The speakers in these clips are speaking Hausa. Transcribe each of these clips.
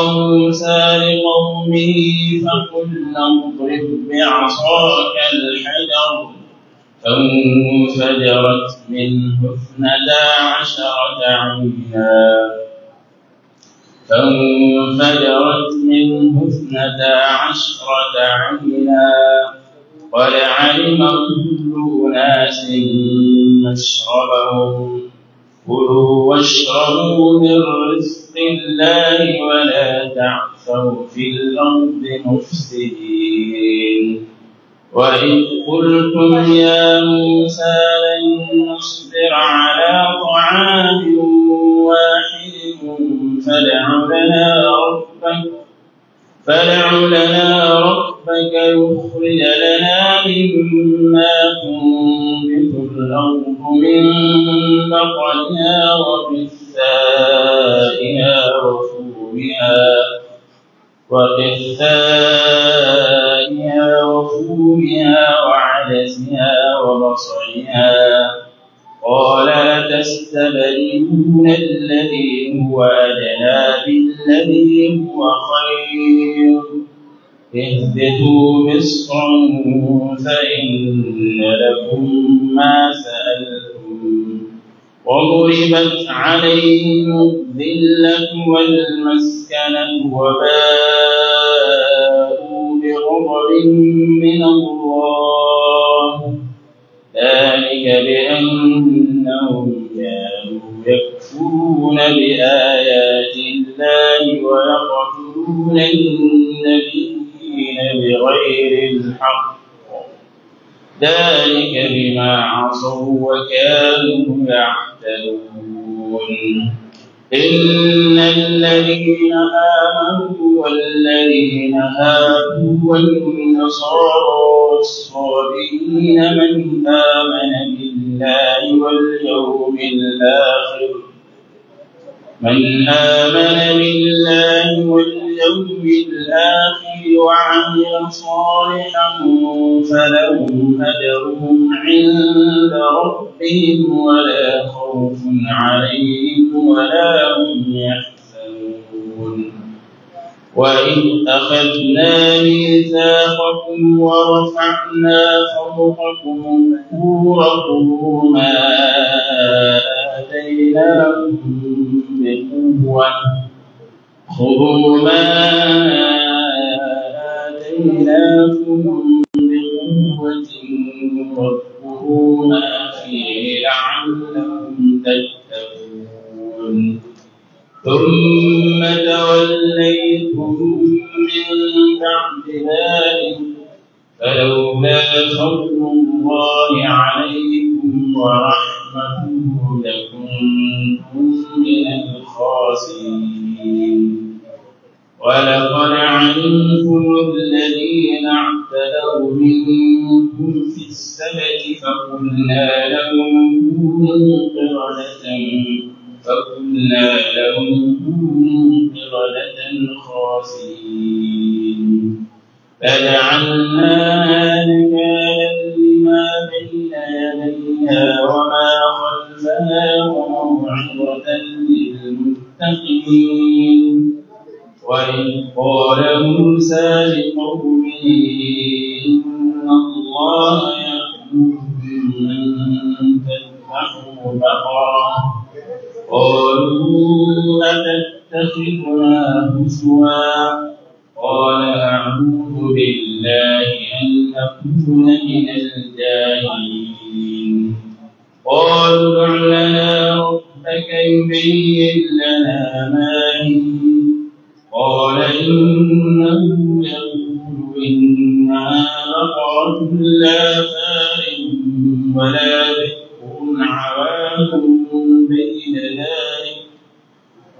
موسى لقومه فقل اضرب بعصاك الحجر فانفجرت منه اثنتا عشرة عينا فانفجرت منه اثنتا عشرة عينا قد علم كل أناس مشربهم كلوا واشربوا من رزق بسم الله ولا تعثوا في الأرض مفسدين وإذ قلتم يا موسى لن نصبر على طعام واحد فدع لنا ربك فدع لنا ربك يخرج لنا مما تنبت الأرض من بقرها وقفا وكسائها وفومها وقثائها وفومها وعدسها وبصرها قال أتستبدلون الذي هو أدنى بالذي هو خير اهبطوا مصرا فإن لكم ما وضربت عليهم الذلة والمسكنة وباءوا بغضب من الله ذلك بأنهم كانوا يكفرون بآيات الله ويقتلون النبيين بغير الحق ذلك بما عصوا وكانوا يعلمون إن الذين آمنوا والذين هادوا والنصارى والصابئين من آمن بالله واليوم الآخر من آمن بالله واليوم الآخر وعمل صالحا فلهم أجرهم عند ربهم ولا خوف عليهم ولا هم يحزنون وإذ أخذنا ميثاقكم ورفعنا فوقكم الطور خذوا ما آتيناكم بقوة خذوا ما وآتيناكم بقوة واذكروا فيه لعلكم تتقون ثم توليتم من بعد ذلك فلولا فضل الله عليكم ورحمته لكنتم من الخاسرين ولقد علمتم الذين اعتدوا منكم في السبت فقلنا لهم كونوا قردة فقلنا لهم كونوا قردة خاسئين فجعلناها نكالا لما بين يديها وما خلفها وموعظة للمتقين وإذ قال موسى لقومه إن الله يأمركم أن تذبحوا بقرة قالوا أتتخذنا هزوا قال أعوذ بالله أن أكون من الجاهلين قالوا ادع لنا ربك يبين لنا ما هي قال إنه يقول إنها بقرة لا فارغ ولا بكر عوام بين ذلك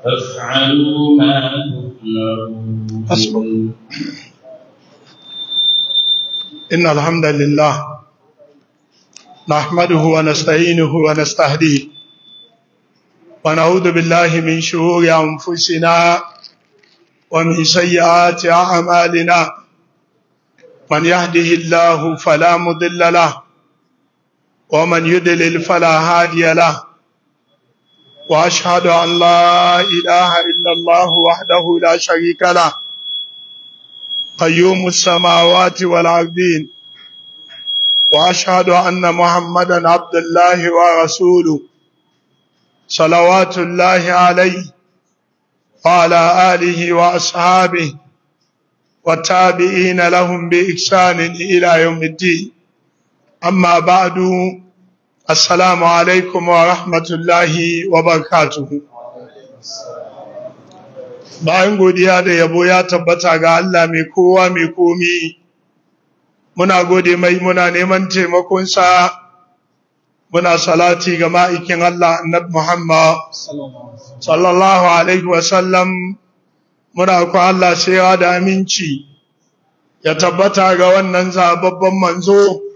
فافعلوا ما تؤمرون أصبر إن الحمد لله نحمده ونستعينه ونستهديه ونعوذ بالله من شرور أنفسنا ومن سيئات أعمالنا من يهده الله فلا مضل له ومن يدلل فلا هادي له وأشهد أن لا إله إلا الله وحده لا شريك له قيوم السماوات والأرضين وأشهد أن محمدا عبد الله ورسوله صلوات الله عليه وعلى آله وأصحابه والتابعين لهم بإحسان إلى يوم الدين أما بعد السلام عليكم ورحمة الله وبركاته bayan godiya da yabo ya tabbata ga Allah mai kowa mai komi muna gode mai muna neman taimakonsa muna salati ga ma'aikin Allah annabi Muhammad sallallahu alaihi wasallam muna ku Allah sai da aminci ya tabbata ga wannan zababban manzo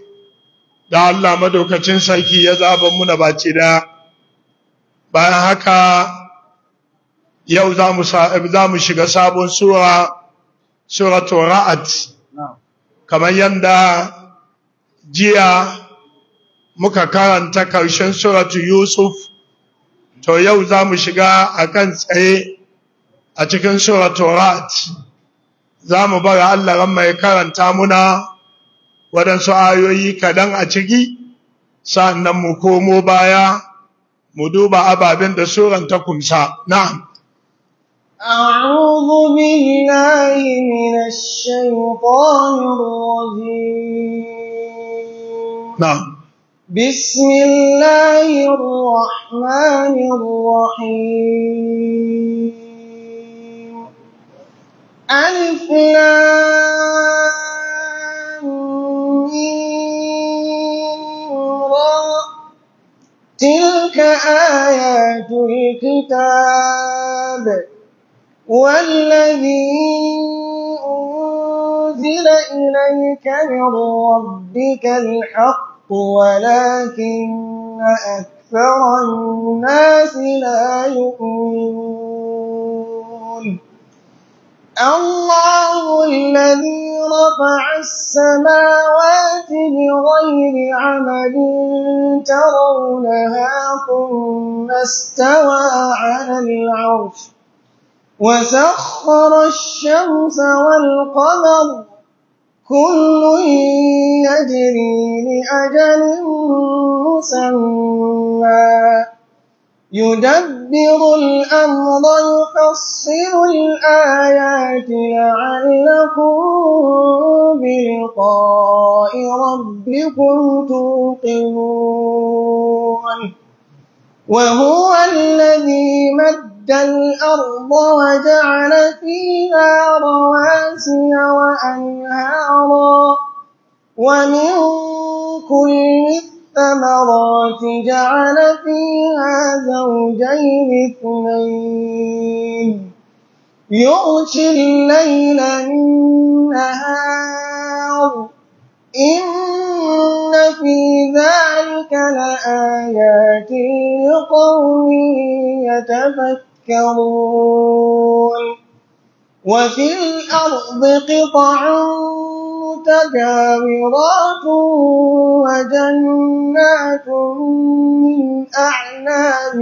da Allah madaukacin sarki ya zaban muna baci da bayan haka yau za mu shiga sabon sura suratul ra'd kamar yanda jiya muka karanta ƙarshen suratu Yusuf, to yau za mu shiga a kan tsaye a cikin suratu Rat, za mu bari Allah mai karanta muna waɗansu ayoyi kaɗan a ciki, sa'an mu komo baya, mu duba ababen da suran ta kumsa. Na'am. أعوذ بالله من الشيطان الرجيم نعم بسم الله الرحمن الرحيم ألف تلك آيات الكتاب والذي أنزل إليك من ربك الحق ولكن أكثر الناس لا يؤمنون الله الذي رفع السماوات بغير عمل ترونها ثم استوى على العرش وسخر الشمس والقمر كل يجري لأجل مسمى يدبر الأمر يفصل الآيات لعلكم بلقاء ربكم توقنون وهو الذي مد الأرض وجعل فيها رواسي وأنهارا ومن كل الثمرات جعل فيها زوجين اثنين يغشي الليل النهار إن في ذلك لآيات لقوم يتفكرون تذكرون وفي الأرض قطع متجاورات وجنات من أعناب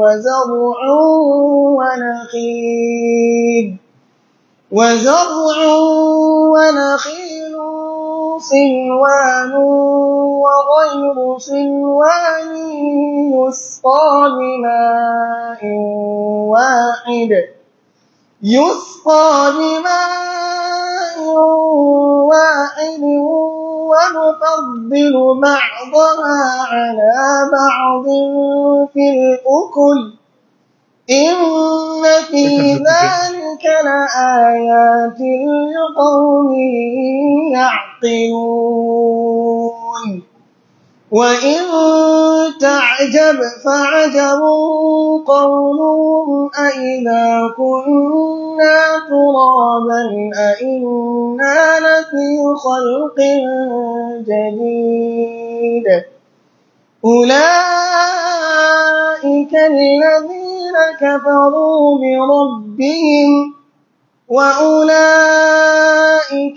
وزرع ونخيل وزرع ونخيل صنوان وغير صنوان يسقى بماء واحد يسقى بماء واحد ونفضل بعضها على بعض في الأكل إن في ذلك لآيات لقوم يعقلون وإن تعجب فعجب قولهم أئذا كنا ترابا أئنا لفي خلق جديد أولئك الذين كفروا بربهم وأولئك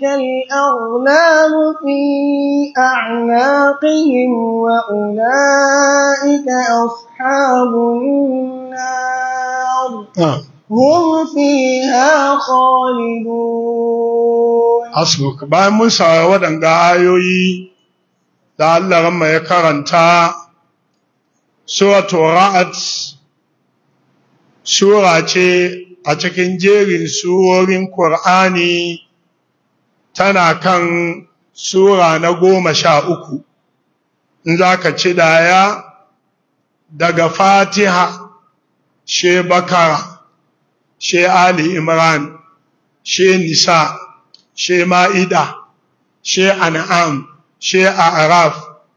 الأغلال في أعناقهم وأولئك أصحاب النار نعم. هم فيها خالدون أصلك بعد موسى ودن قايوي da Allah ya karanta suratul sura ce a cikin jerin surorin Kur'ani tana kan sura na goma sha uku, in za ka ci daya daga Fatiha, she Bakara, she Ali Imran, she Nisa, she Ma'ida, she An'am, she A'raf,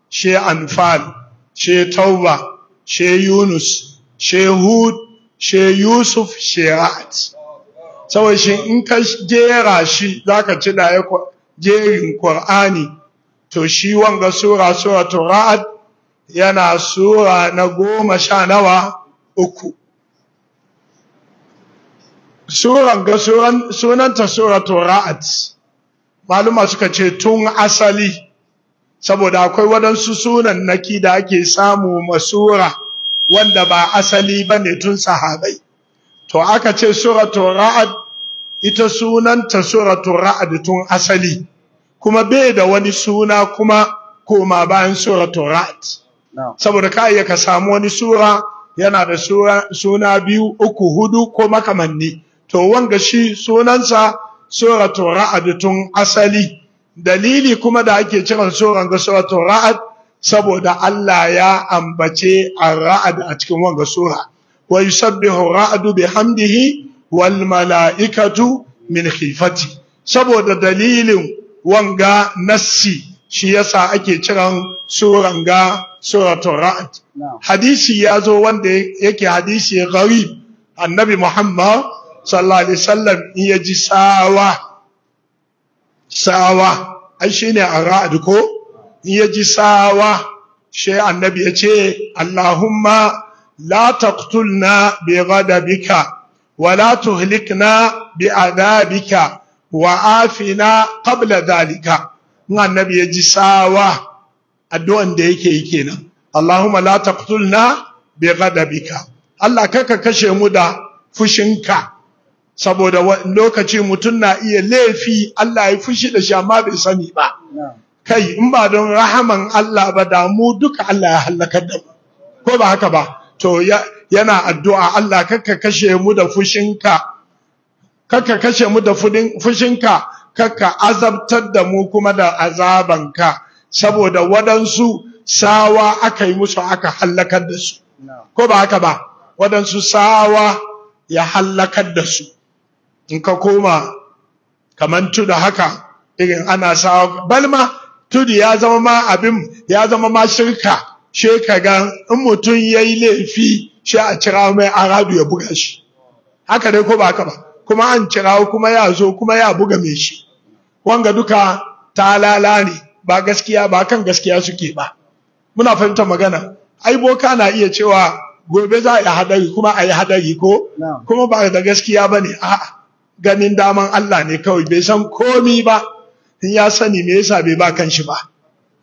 she Anfal, she Tauba, she Yunus, she Hud, she yusuf sherat saboda shi in ka jera shi zaka ci da jerin qur'ani to shi wanga sura sura ra'd yana sura na goma sha nawa uku suran ga sunanta suratul maluma suka ce tun asali saboda akwai wadansu sunan naki da ake samu masura wanda ba asali bane tun sahabai to aka ce suratul ra'd ita sunanta suratul ra'd tun asali kuma bai da wani suna kuma koma bayan suratul ra'd saboda ka iya ka samu wani sura yana da suna biyu uku hudu ko makamanni to wanga shi sunansa suratul ra'd tun asali dalili kuma da ake ciran suran ga suratul saboda Allah ya ambace ar-ra'd a cikin wannan sura wa yusabbihu ar-ra'du bihamdihi wal mala'ikatu min khifati saboda dalilin wanga nassi shi yasa ake kiran suran ga suratul ra'd hadisi yazo wanda yake hadisi gharib annabi muhammad sallallahu alaihi wasallam yaji sawa sawa ai shine arad ko ya ji sawa, shi annabi ya ce Allahumma la taqtulna bi ghadabika wa la tuhlikna bi adabika wa afina qabla dhalika annabi ya ji sawa addu'an da yake yi kenan Allahumma la taqtulna bi ghadabika Allah kaka kashe mu da fushinka saboda lokaci mutum na iya laifi Allah ya fushi da shi amma bai sani ba kai in ba don rahaman Allah ba da mu duka Allah ya halakar da mu ko ba haka ba to yana addu'a Allah kakka kashe mu da fushinka kakka kashe mu da fushinka kakka azabtar da mu kuma da azabanka saboda wadansu sawa aka yi musu aka hallakar da su ko ba haka ba wadansu sawa ya hallakar da su in ka koma kaman da haka irin ana sawa balma tudu ya zama ma abin ya zama ma shirka she ga in mutum yayi laifi she a cira mai aradu ya buga shi haka dai ko ba haka ba kuma an cira kuma ya zo kuma ya buga mai shi wanga duka talala ne ba gaskiya ba kan gaskiya suke ba muna fahimtar magana ai boka na iya cewa gobe za a yi hadari kuma a yi hadari ko kuma ba da gaskiya ba ne a'a ganin daman Allah ne kawai bai san komi ba in ya sani me yasa bai ba kan shi ba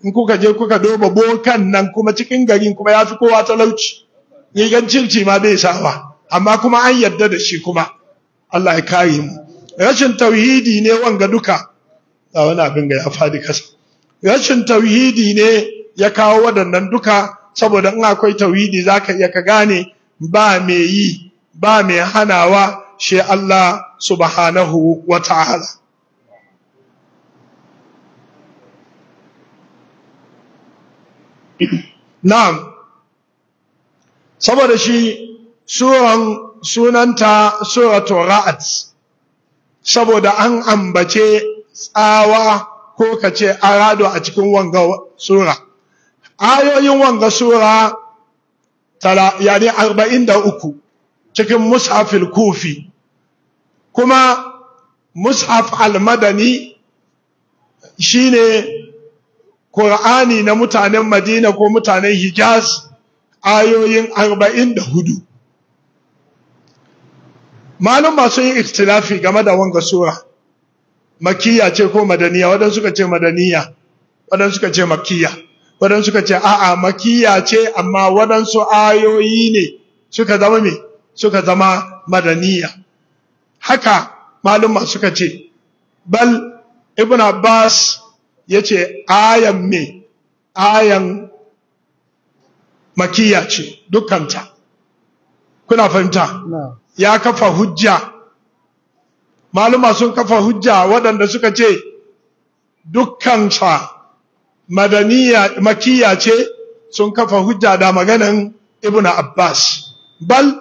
in kuka je kuka doba bokan nan kuma cikin garin kuma ya fi kowa talauci rigan circi ma bai sawa amma kuma an yarda da shi kuma Allah ya kare mu rashin tauhidi ne wanga duka da wani abin ga ya fadi kasa rashin tauhidi ne ya kawo waɗannan duka saboda in akwai tauhidi zaka iya ka gane ba me yi ba me hanawa shi Allah subhanahu wa ta'ala na'am saboda shi suran sunanta suratu ra'at saboda an ambace tsawa ko kace arado a cikin wanga sura ayoyin wanga sura tala yani 43 cikin mushafil kufi kuma mushaf al-madani shine Qur'ani na mutanen Madina ko mutanen Hijaz ayoyin 44 malum masu yin ikhtilafi game da wanga sura makiyya ce ko madaniya wadan suka ce madaniya wadan suka ce makiyya wadan suka ce a'a makiyya ce amma su ayoyi ne suka zama me suka zama madaniya haka malum suka ce bal ibn abbas Ya yace ayan me ayan makiya ce dukanta kuna fahimta ya kafa hujja maluma sun kafa hujja waɗanda suka ce dukkansa madaniya makiya ce sun kafa hujja da maganin Ibn abbas bal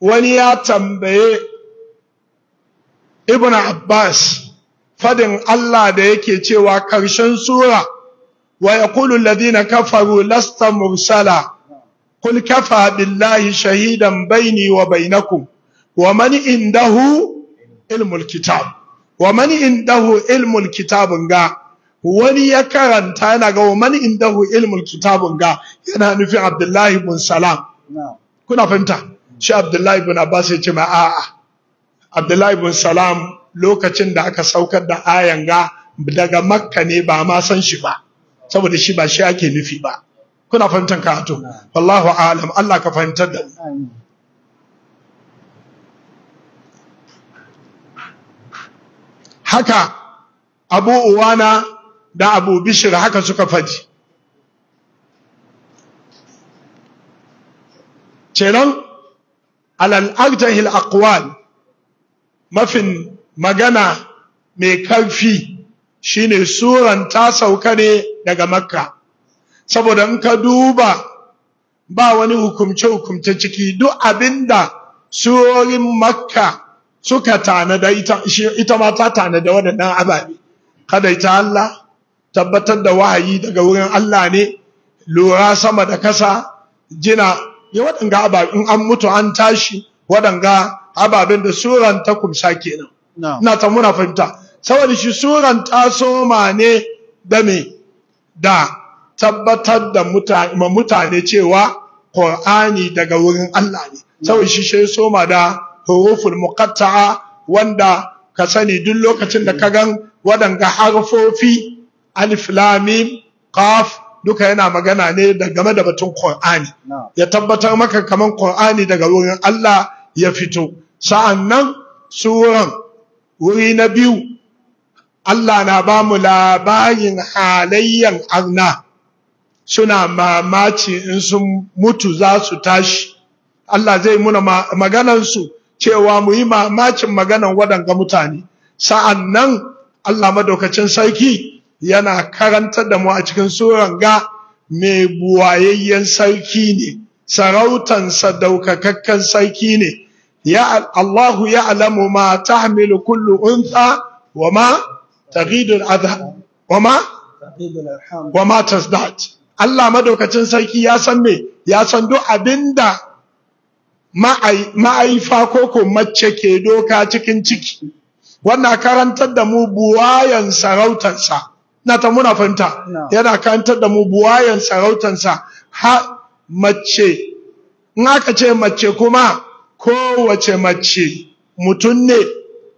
wani ya tambaye Ibn abbas fadin Allah da yake cewa ƙarshen sura wa yaqulu alladhina kafaru lasta mursala qul kafa billahi shahidan baini wa bainakum wa man indahu ilmul kitab wa man indahu ilmul kitabun ga wani ya karanta yana ga wa man indahu ilmul kitabun ga yana nufi Abdullahi bin Salam kuna fahimta shi Abdullahi bin Abbas ya ce ma a'a Abdullahi bin Salam lokacin da aka saukar da ayan ga daga makka ne ba ma san shi ba saboda shi ba shi ake nufi ba kuna fahimtar karatu wallahu alam Allah ka fahimtar da haka abu uwana da abu bishir haka suka faji kenan alal arjahil aqwal mafin magana mai karfi shine suran ta sauka ne daga makka saboda in ka duba ba wani hukumce-hukumce ciki duk abinda surorin makka suka tanada ita, ita ma ta tanada waɗannan ababe ita Allah tabbatar da wahayi daga wurin Allah ne lura sama da kasa jina ya waɗanga ababe in an mutu an tashi waɗanga ababen da suran ta kumsa kenan ina ta muna fahimta saboda shi suran ta soma ne da me da tabbatar da mutane cewa Qur'ani daga wurin Allah ne saboda shi shi soma da huruful muqatta'a wanda ka sani duk lokacin da ka gan wadanga harfofi alif mim qaf duka yana magana ne da game da batun Qur'ani ya tabbatar maka kaman Qur'ani daga wurin Allah ya fito sa'annan suran wuri na biyu Allah na ba mu labarin halayyan arna suna mamaci in sun mutu za su tashi Allah zai muna maganansu cewa mu yi mamacin maganan waɗanga mutane sa'an nan Allah madaukacin sarki yana karanta da mu a cikin tsoron ga mai buwayayyen sarki ne sarautansa daukakakken sarki ne ya Allahu ya'lamu ma tahmilu kullu wa ma taghidu al-adha wa ma wa ma tasdat Allah madaukacin sarki ya san me ya san duk abinda ma'aifa ko ko mace ke doka cikin ciki wannan karantar da mu buwayan sarautarsa na ta muna fahimta yana karantar da mu buwayan sarautarsa ha mace in aka ce mace kuma kowace mace mutum ne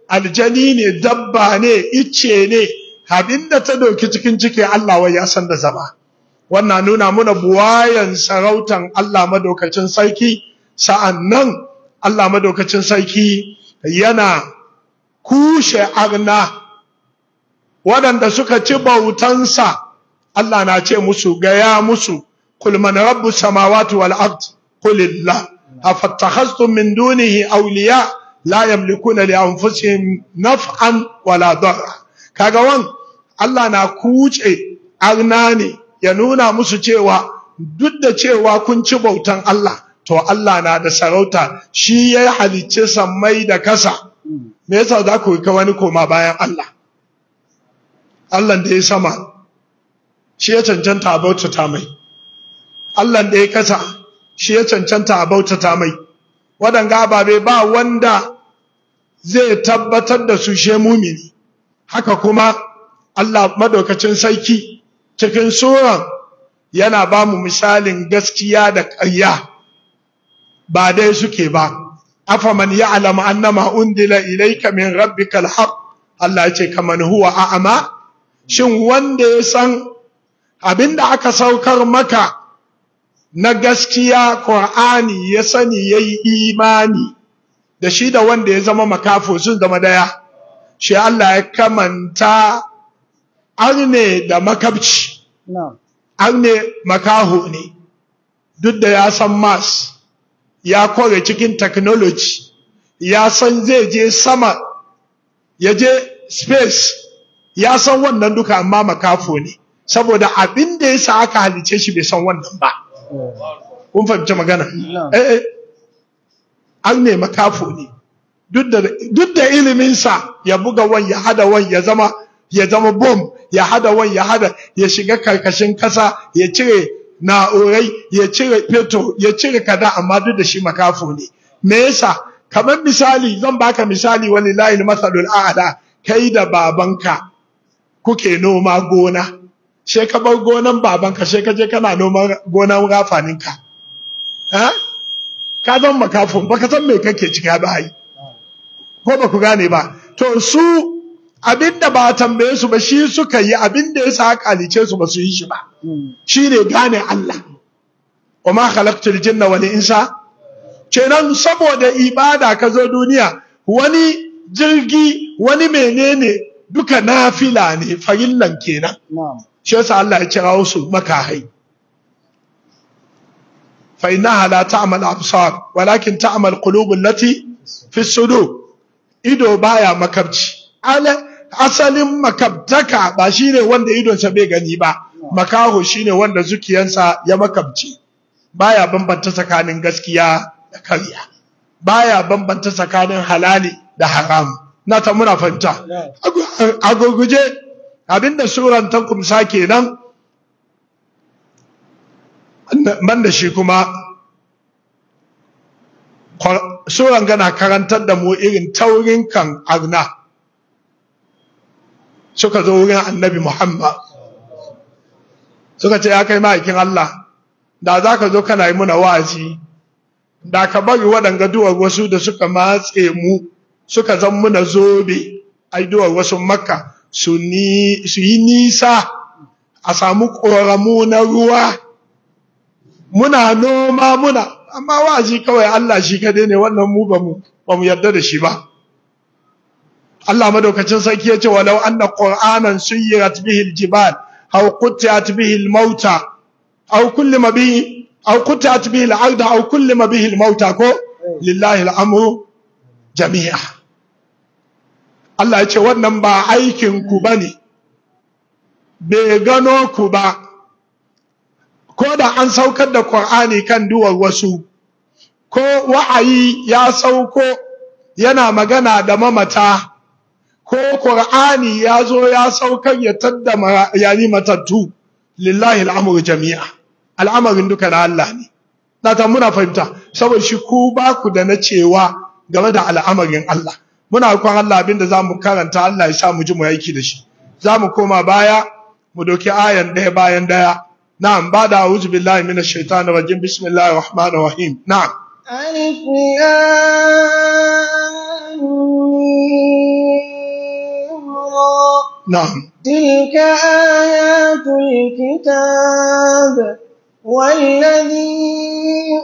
aljani ne dabba ne icce ne abinda da ta doki cikin ciki Allah wai ya san da zama wannan nuna muna buwayan sarautan Allah madaukacin sarki sa'annan Allah madaukacin sarki yana kushe arna waɗanda suka ci bautan sa. Allah na ce musu gaya musu kul man rabbus samawati wal ard qulillah afattakhastum min dunihi awliya la yamlikuna li anfusihim naf'an wala darra kaga wan Allah na kuce arna ne ya nuna musu cewa duk da cewa kun ci bautan Allah to Allah na da sarauta shi ya halicce sammai da kasa me yasa za ku ka wani koma bayan Allah Allah da ya sama shi ya cancanta a mai Allah da ya kasa shi ya cancanta a bautata mai waɗanga ababe ba wanda zai tabbatar da su she mumini haka kuma Allah madaukacin sarki cikin suran yana ba mu misalin gaskiya da ƙarya ba dai suke ba afaman ya'lamu annama undila ilayka min rabbikal haqq Allah ya ce kaman huwa a'ama shin wanda ya san abinda aka saukar maka na gaskiya Qur'ani ya sani yayi imani da shi da wanda ya zama makafo sun zama daya shi Allah ya kamanta arne da makabci arne makaho ne duk da ya san mas ya kore cikin technology ya san zai je sama ya je space ya san wannan duka amma makafo ne saboda abin da ya sa aka halice shi bai san wannan ba kun fahimci magana eh, eh. an ne makafu ne duk da iliminsa ya buga wani ya hada wani ya zama ya zama bom ya hada wani ya hada ya shiga karkashin kasa ya cire na'urai ya cire fetur ya cire kada amma duk da shi makafu ne me yasa kamar misali zan baka misali wani layin masalul a'la kai da babanka kuke noma gona she ka bar gonan babanka she ka je kana noman gonan rafaninka ha ka zan makafin baka san me kake cika ba ai ko ba ku gane ba to su abinda ba tambaye su ba shi suka yi abinda ya sa kalice su ba su yi shi ba ne gane Allah wama khalaqtul jinna wal insa kenan saboda ibada ka zo duniya wani jirgi wani menene duka nafila ne farillan kenan na'am shi yasa Allah ya kira su makahai fa innaha la ta'mal absar walakin ta'mal qulubul lati fi sudur ido baya makabci asalin makabtaka ba shine wanda idonsa bai gani ba makaho shine wanda zukiyansa ya makabci baya bambanta tsakanin gaskiya da karya baya bambanta tsakanin halali da haram na ta muna fahimta a gurguje abinda suran ta kumsa kenan ban da shi kuma suran gana karantar da mu irin taurin kan arna suka zo wurin annabi muhammad suka ce ya kai ma'aikin allah da za ka zo kana yi muna wa'azi da ka bari waɗanga duwar wasu da suka matse mu suka zan muna zobe ai duwar wasu makka su yi nisa a samu ƙoramu na ruwa muna noma muna amma wa'azi kawai Allah shi kadai ne wannan mu ba mu yarda da shi ba Allah madaukacin sarki ya ce walau anna qur'anan suyirat bihi aljibal aw qutti'at bihi almauta aw kullima bihi aw qutti'at bihi alard aw kullima bihil mauta ko lillahi al'amru jami'a Allah ya ce wannan ba aikin ku bane bai gano ku ba ko da an saukar da Qur'ani kan duwar wasu ko wa'ayi ya sauko yana magana da mamata ko Qur'ani ya zo ya saukar ya tadda yani matattu lillahi al'amru jami'a al'amarin duka na Allah ne na ta muna fahimta saboda shi ku ba ku da na cewa game da al'amarin Allah muna kwan Allah abin da mu karanta Allah ya sa mu ji mu aiki da shi Za mu koma baya mu doki ayan ɗaya bayan ɗaya na'am ba da a'udhu billahi minash shaitani rajim bismillahir rahmanir rahim na'am alif lam نعم تلك آيات الكتاب والذي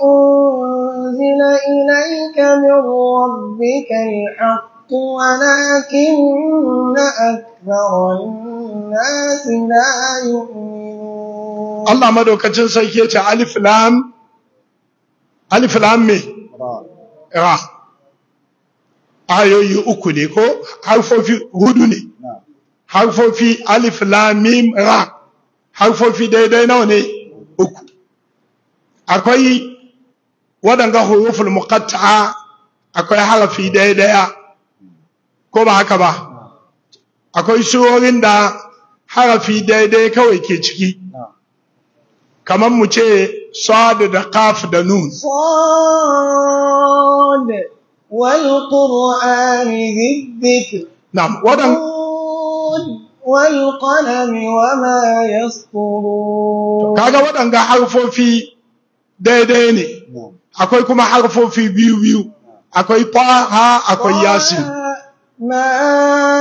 أنزل إليك من ربك الحق الحق ولكن أكثر الناس لا يؤمنون الله مدوكتين سيكية ألف لام ألف لام مي را ayoyi uku ne ko harfofi hudu ne harfofi alif lamim ra harfofi daidai nawa ne uku akwai waɗanga huruful muqatta'a akwai harafi daidaya ko ba haka ba akwai surorin da harafi daidai kawai ke ciki kamar mu ce sad da qaf da nun kaga waɗanga harfofi daidai ne akwai kuma harfofi biyu biyu akwai ha akwai yasin ما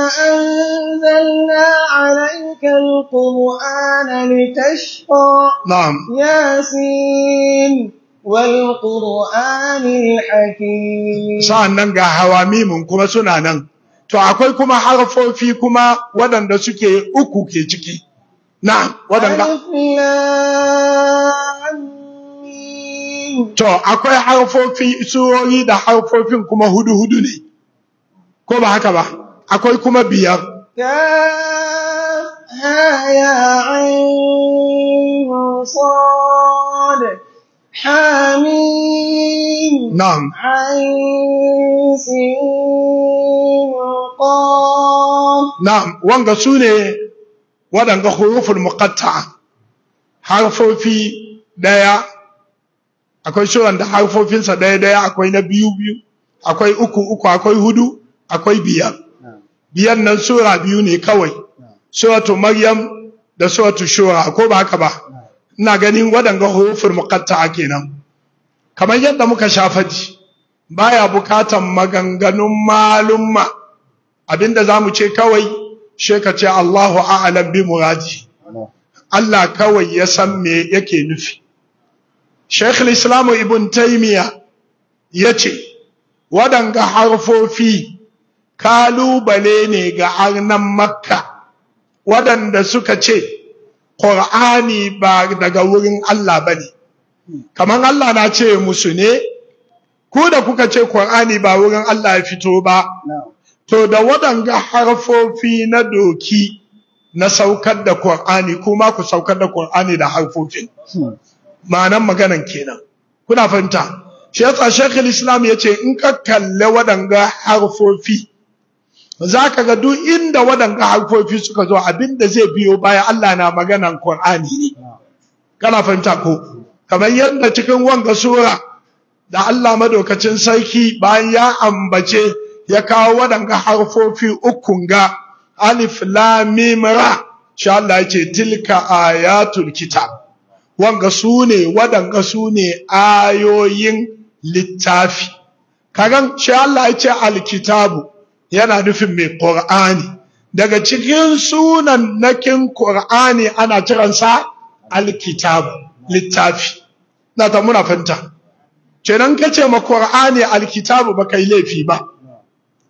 أنزلنا عليك القرآن لتشقى نعم ياسين والقرآن الحكيم sa'annan ga hawamimin kuma suna nan to akwai kuma harfofi kuma waɗanda suke uku ke ciki na waɗanda to akwai harfofi surori da harfofin kuma hudu hudu ne ko ba haka ba akwai kuma biyar Na'am. wanga عين waɗanga قام hurufin muƙatta سوني ɗaya, akwai suran da harfofinsa ɗaya-ɗaya, akwai na biyu biyu akwai uku uku akwai hudu akwai biyar biyan nan sura biyu ne kawai suratu maryam da suratu shura ko ba haka ba ina ganin wadanga hurufin ake kenan kamar yadda muka shafaji baya bukatan maganganun malumma abinda zamu ce kawai sheka ce Allahu a'lam bi muradi Allah kawai ya san me yake nufi Sheikh al-Islam Ibn Taymiyyah yace wadanga harfofi kalubale ne ga arnan makka waɗanda suka ce ƙur'ani ba daga wurin Allah ba ne kamar Allah na ce musu ne ku da kuka ce ƙur'ani ba wurin Allah ya fito ba to da waɗanga harfofi na doki na saukar da ƙur'ani kuma ku saukar da ƙur'ani da harfofin ma'anan maganan kenan kuna fahimta shi yasa shekul islam ya ce in ka kalli waɗanga harfofi za ka ga duk inda waɗanga harfofi suka zo abinda zai biyo baya Allah na maganan Qur'ani ne kana fahimta ko kamar yadda cikin wanga sura da Allah madaukacin sarki bayan ya ambace ya kawo waɗanga harfofi ukun ga alif lam mim ra Allah yace tilka ayatul kitab wanga sune waɗanga sune ayoyin littafi kagan sha Allah yace alkitabu yana nufin mai ƙur'ani daga cikin sunan nakin ƙur'ani ana kiransa alkitab littafi na ta muna fanta kenan ka ce ma ƙur'ani alkitab ba yi laifi ba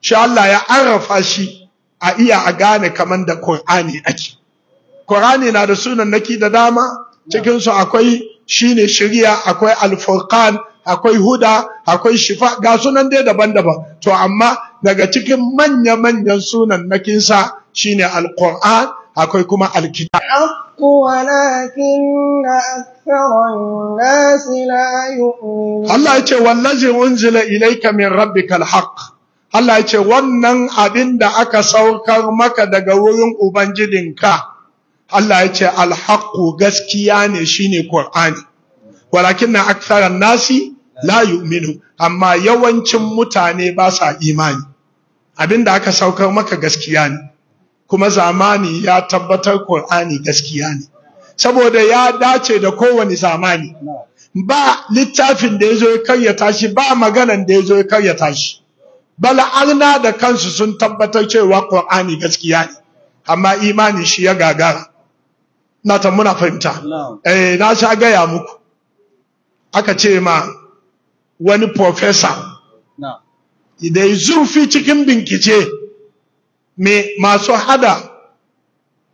shi Allah ya arrafa shi a iya a gane kaman da ƙur'ani ake ƙur'ani na da sunan naki da dama cikinsu akwai akwai shine shirya akwai alfurkan, akwai huda akwai shifa ga sunan dai daban-daban to amma daga cikin manya-manyan sunan na kinsa shine alquran akwai kuma alkitab Allah ya ce wallazi unzila ilayka min rabbikal haqq Allah ya ce wannan abin da aka saukar maka daga wurin ubangijinka Allah ya ce 'Alhaq gaskiya ne shine qur'ani na aktharan nasi la yu'minu amma yawancin mutane ba sa imani abinda aka saukar maka gaskiya ne kuma zamani ya tabbatar Qur'ani gaskiya ne saboda ya dace da kowane zamani ba littafin da yazo ya karyata shi ba maganan da yazo ya karyata shi bala arna da kansu sun tabbatar cewa Qur'ani gaskiya ne amma imani shi ya gagara na ta muna fahimta eh na sha gaya muku aka ce ma wani professor Idan zurfi cikin bincike me masu hada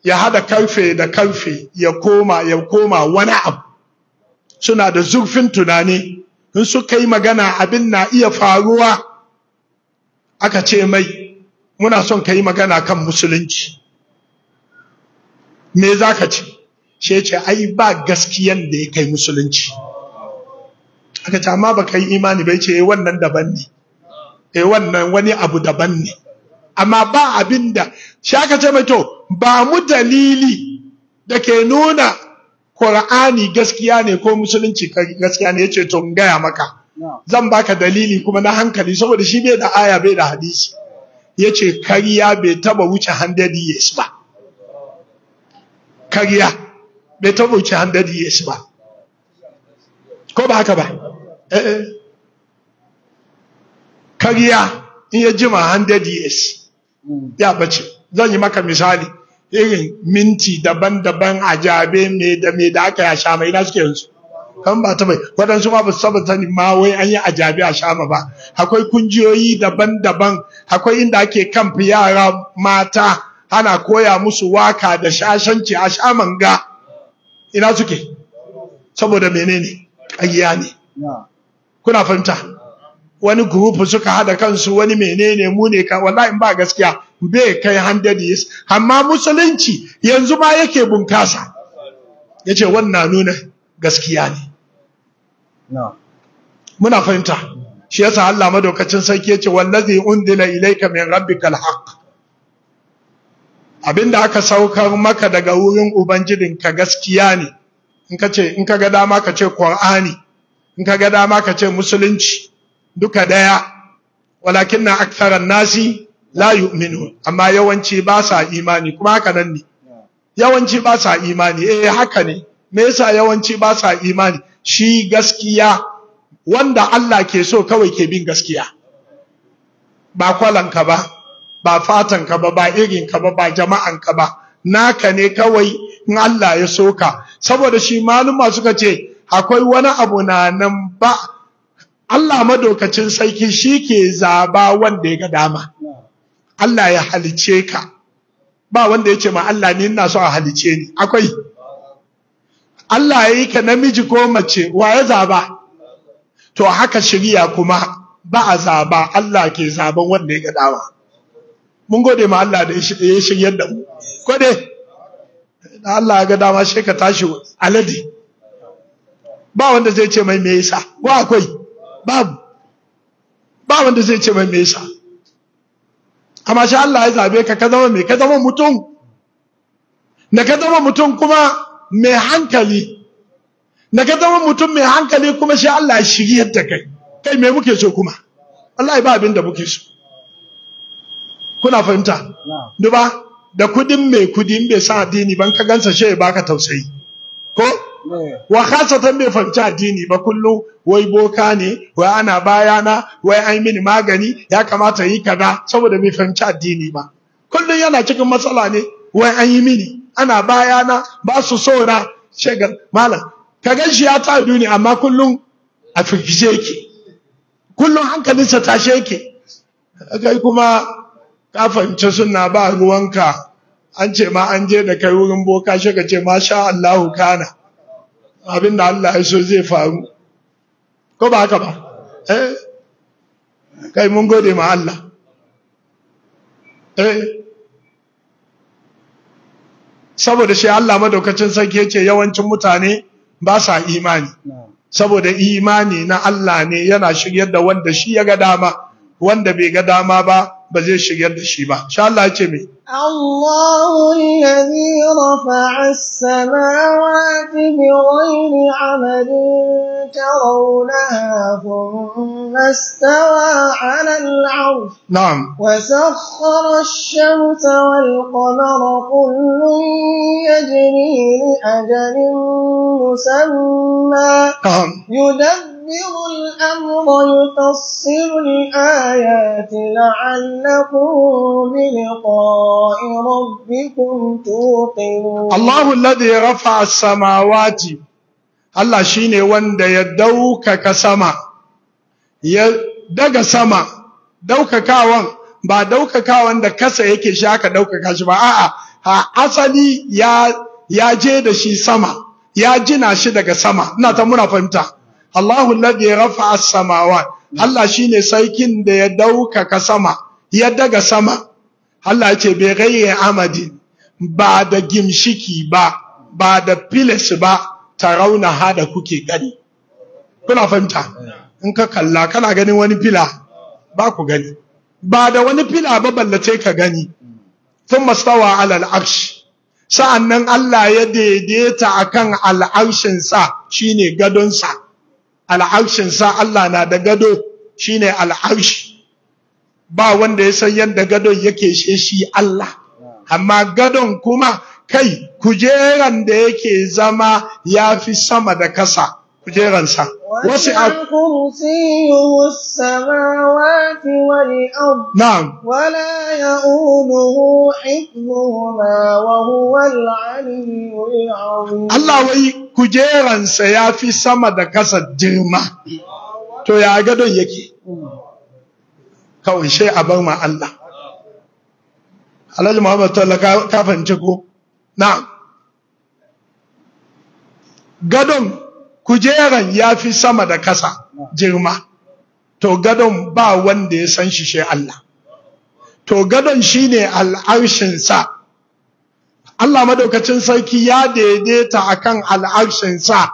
ya hada karfe da karfe ya koma ya koma wani abu suna da zurfin tunani in suka yi magana abin na iya faruwa aka ce mai muna son ka magana kan musulunci me za ka ce shi ce ai ba gaskiyan da ya kai musulunci aka ce amma ba ka yi imani bai ce eh, wannan daban ne E, wannan wani abu daban ne amma ba abinda aka ce mai to ba mu dalili da ke nuna Qur'ani gaskiya ne ko musulunci gaskiya ne yace to gaya maka zan baka dalili kuma na hankali saboda shi bai da aya bai da hadisi yace kariya bai taba wuce 100 years ba kariya bai taba wuce 100 years ba ko ba haka ba eh eh karya in ya jima 100 years ya bace zan yi maka misali irin minti daban-daban a jabe me da me da aka ya sha mai na suke yanzu kan ba ta bai waɗansu ma ba su saba sani ma wai an yi a jabe a shama ba akwai kungiyoyi daban-daban akwai inda ake kamfi yara mata ana koya musu waka da shashanci a shaman ga ina suke saboda menene karya ne kuna fahimta wani group suka hada kansu wani menene mu ne ka wallahi in ba gaskiya bai kai 100 years amma musulunci yanzu ma yake bunkasa yace wannan nuna gaskiya ne muna fahimta shi yasa Allah madaukacin sarki yace wallazi undila ilayka min rabbikal haqq abinda aka saukar maka daga wurin ka gaskiya ne in ka in ka ga dama ka ce qur'ani in ka ga dama ka ce musulunci duka daya walakin na aksaran nasi la yu'minu amma yawanci ba sa imani kuma haka nan ne yawanci ba sa imani eh haka ne me yasa yawanci ba sa imani shi gaskiya wanda Allah ke so kawai ke bin gaskiya ba kwalanka ba ba fatanka ba ba irinka ba ba ka ba naka ne kawai in Allah ya soka saboda shi maluma suka ce akwai wani abu na nan ba Allah madaukacin sarki shi ke zaba wanda ya ga dama Allah ya halice ka ba wanda ya ce ma Allah ne ina so a halice ni akwai Allah ya yi ka namiji ko mace wa ya zaba to haka shirya kuma ba a zaba Allah ke zaban wanda ya ga dama mun gode ma Allah da ya shiryar da mu gode da Allah ya ga dama sai ka tashi alade ba wanda zai ce mai me yasa ko akwai babu ba wanda zai ce mai mesa amma shi Allah ya zabe ka ka zama mai ka zama mutum na ka zama mutum kuma mai hankali na ka zama mutum mai hankali kuma shi Allah ya shirye da kai kai me muke so kuma Allah ba abin da muke so kuna fahimta duba da kudin mai kudin bai sa addini ban ka gansa shi ya baka tausayi ko wa khasatan bai fahimci addini ba kullum wai boka ne wai ana bayana wai ai mini magani ya kamata yi kaza saboda bai fahimci addini ba kullum yana cikin matsala ne wai an yi mini ana bayana ba su saura shegar malam ka gan shi ya ta duniya amma kullum a firgice yake kullum hankalinsa ta yake kai kuma ka fahimci suna ba ruwanka an ce ma an je da kai wurin boka shi ka ce masha Allahu kana abin da Allah ya so zai faru ko ba haka ba eh kai mun gode ma Allah eh saboda shi Allah madaukacin sarki yace yawancin mutane ba sa imani saboda imani na Allah ne yana shiryar da wanda shi ya ga dama wanda bai ga dama ba بزي شيئا الشيبا ان شاء الله جميع الله الذي رفع السماوات بغير عمل ترونها ثم استوى على العرش نعم وسخر الشمس والقمر كل يجري لأجل مسمى نعم يدبر يدبر الأمر يفصل الآيات لعلكم ya ربكم توقنون الله الذي رفع السماوات الله شيني وند sama, كسما يدق سما دوك كاوان ba daukakawan da kasa yake shi aka ɗaukaka shi ba a'a a asali ya je da shi sama ya jina shi daga sama ina ta muna fahimta Allahu alladhi rafa'a as-samawat Allah shine sarkin da ya ɗaukaka sama ya daga sama Allah yake ce bai ghairi amadi ba da gimshiki ba ba da filis ba tarauna ha da kuke gani kuna fahimta in ka kalla kana ganin wani fila ba ku gani ba da wani fila ba ballace ka gani sun mastawa ala al-arsh sa'annan Allah ya daidaita akan al'arshin sa shine gadon sa al'arshin sa Allah na da gado shine al'arshi ba wanda ya san yadda gadon yake she shi Allah amma gadon kuma kai kujeran da yake zama ya fi sama da kasa kujeransa wasu a kursiyuhu samawati wal ard na'am wala ya'uduhu hifzuhuma wa huwa al-aliyyul azim Allah wai kujeransa ya fi sama da kasa jirma. to ya gadon yake kawai shai a bar ma Allah alhaji muhammadu tola kafin ciko ko na gadon kujeran ya fi sama da kasa jirma to gadon ba wanda ya san shi shai Allah to gadon shine al'arshinsa Allah madaukacin sarki ya daidaita akan al'arshin sa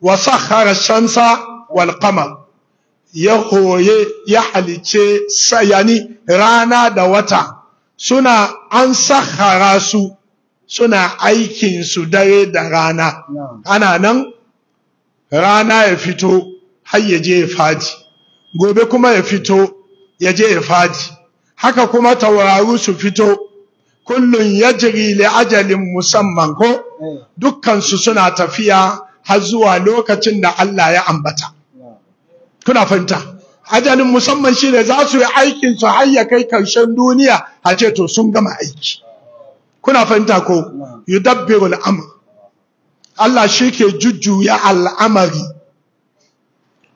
wa sakhara shamsa wal qamar ya hoye ya halice sayani rana da wata suna an sakhara su suna aikin su dare da rana ana nan rana ya fito har ya je ya gobe kuma ya fito ya je ya fadi haka kuma tawaru su fito kullun ya li ajalin musamman ko eh. dukkansu suna tafiya har zuwa lokacin da Allah ya ambata kuna fahimta ajalin musamman shine za su yi aikin su har ya kai karshen duniya a ce to sun gama aiki kuna fahimta ko yi al-amr Allah shi ke jujjuya al'amari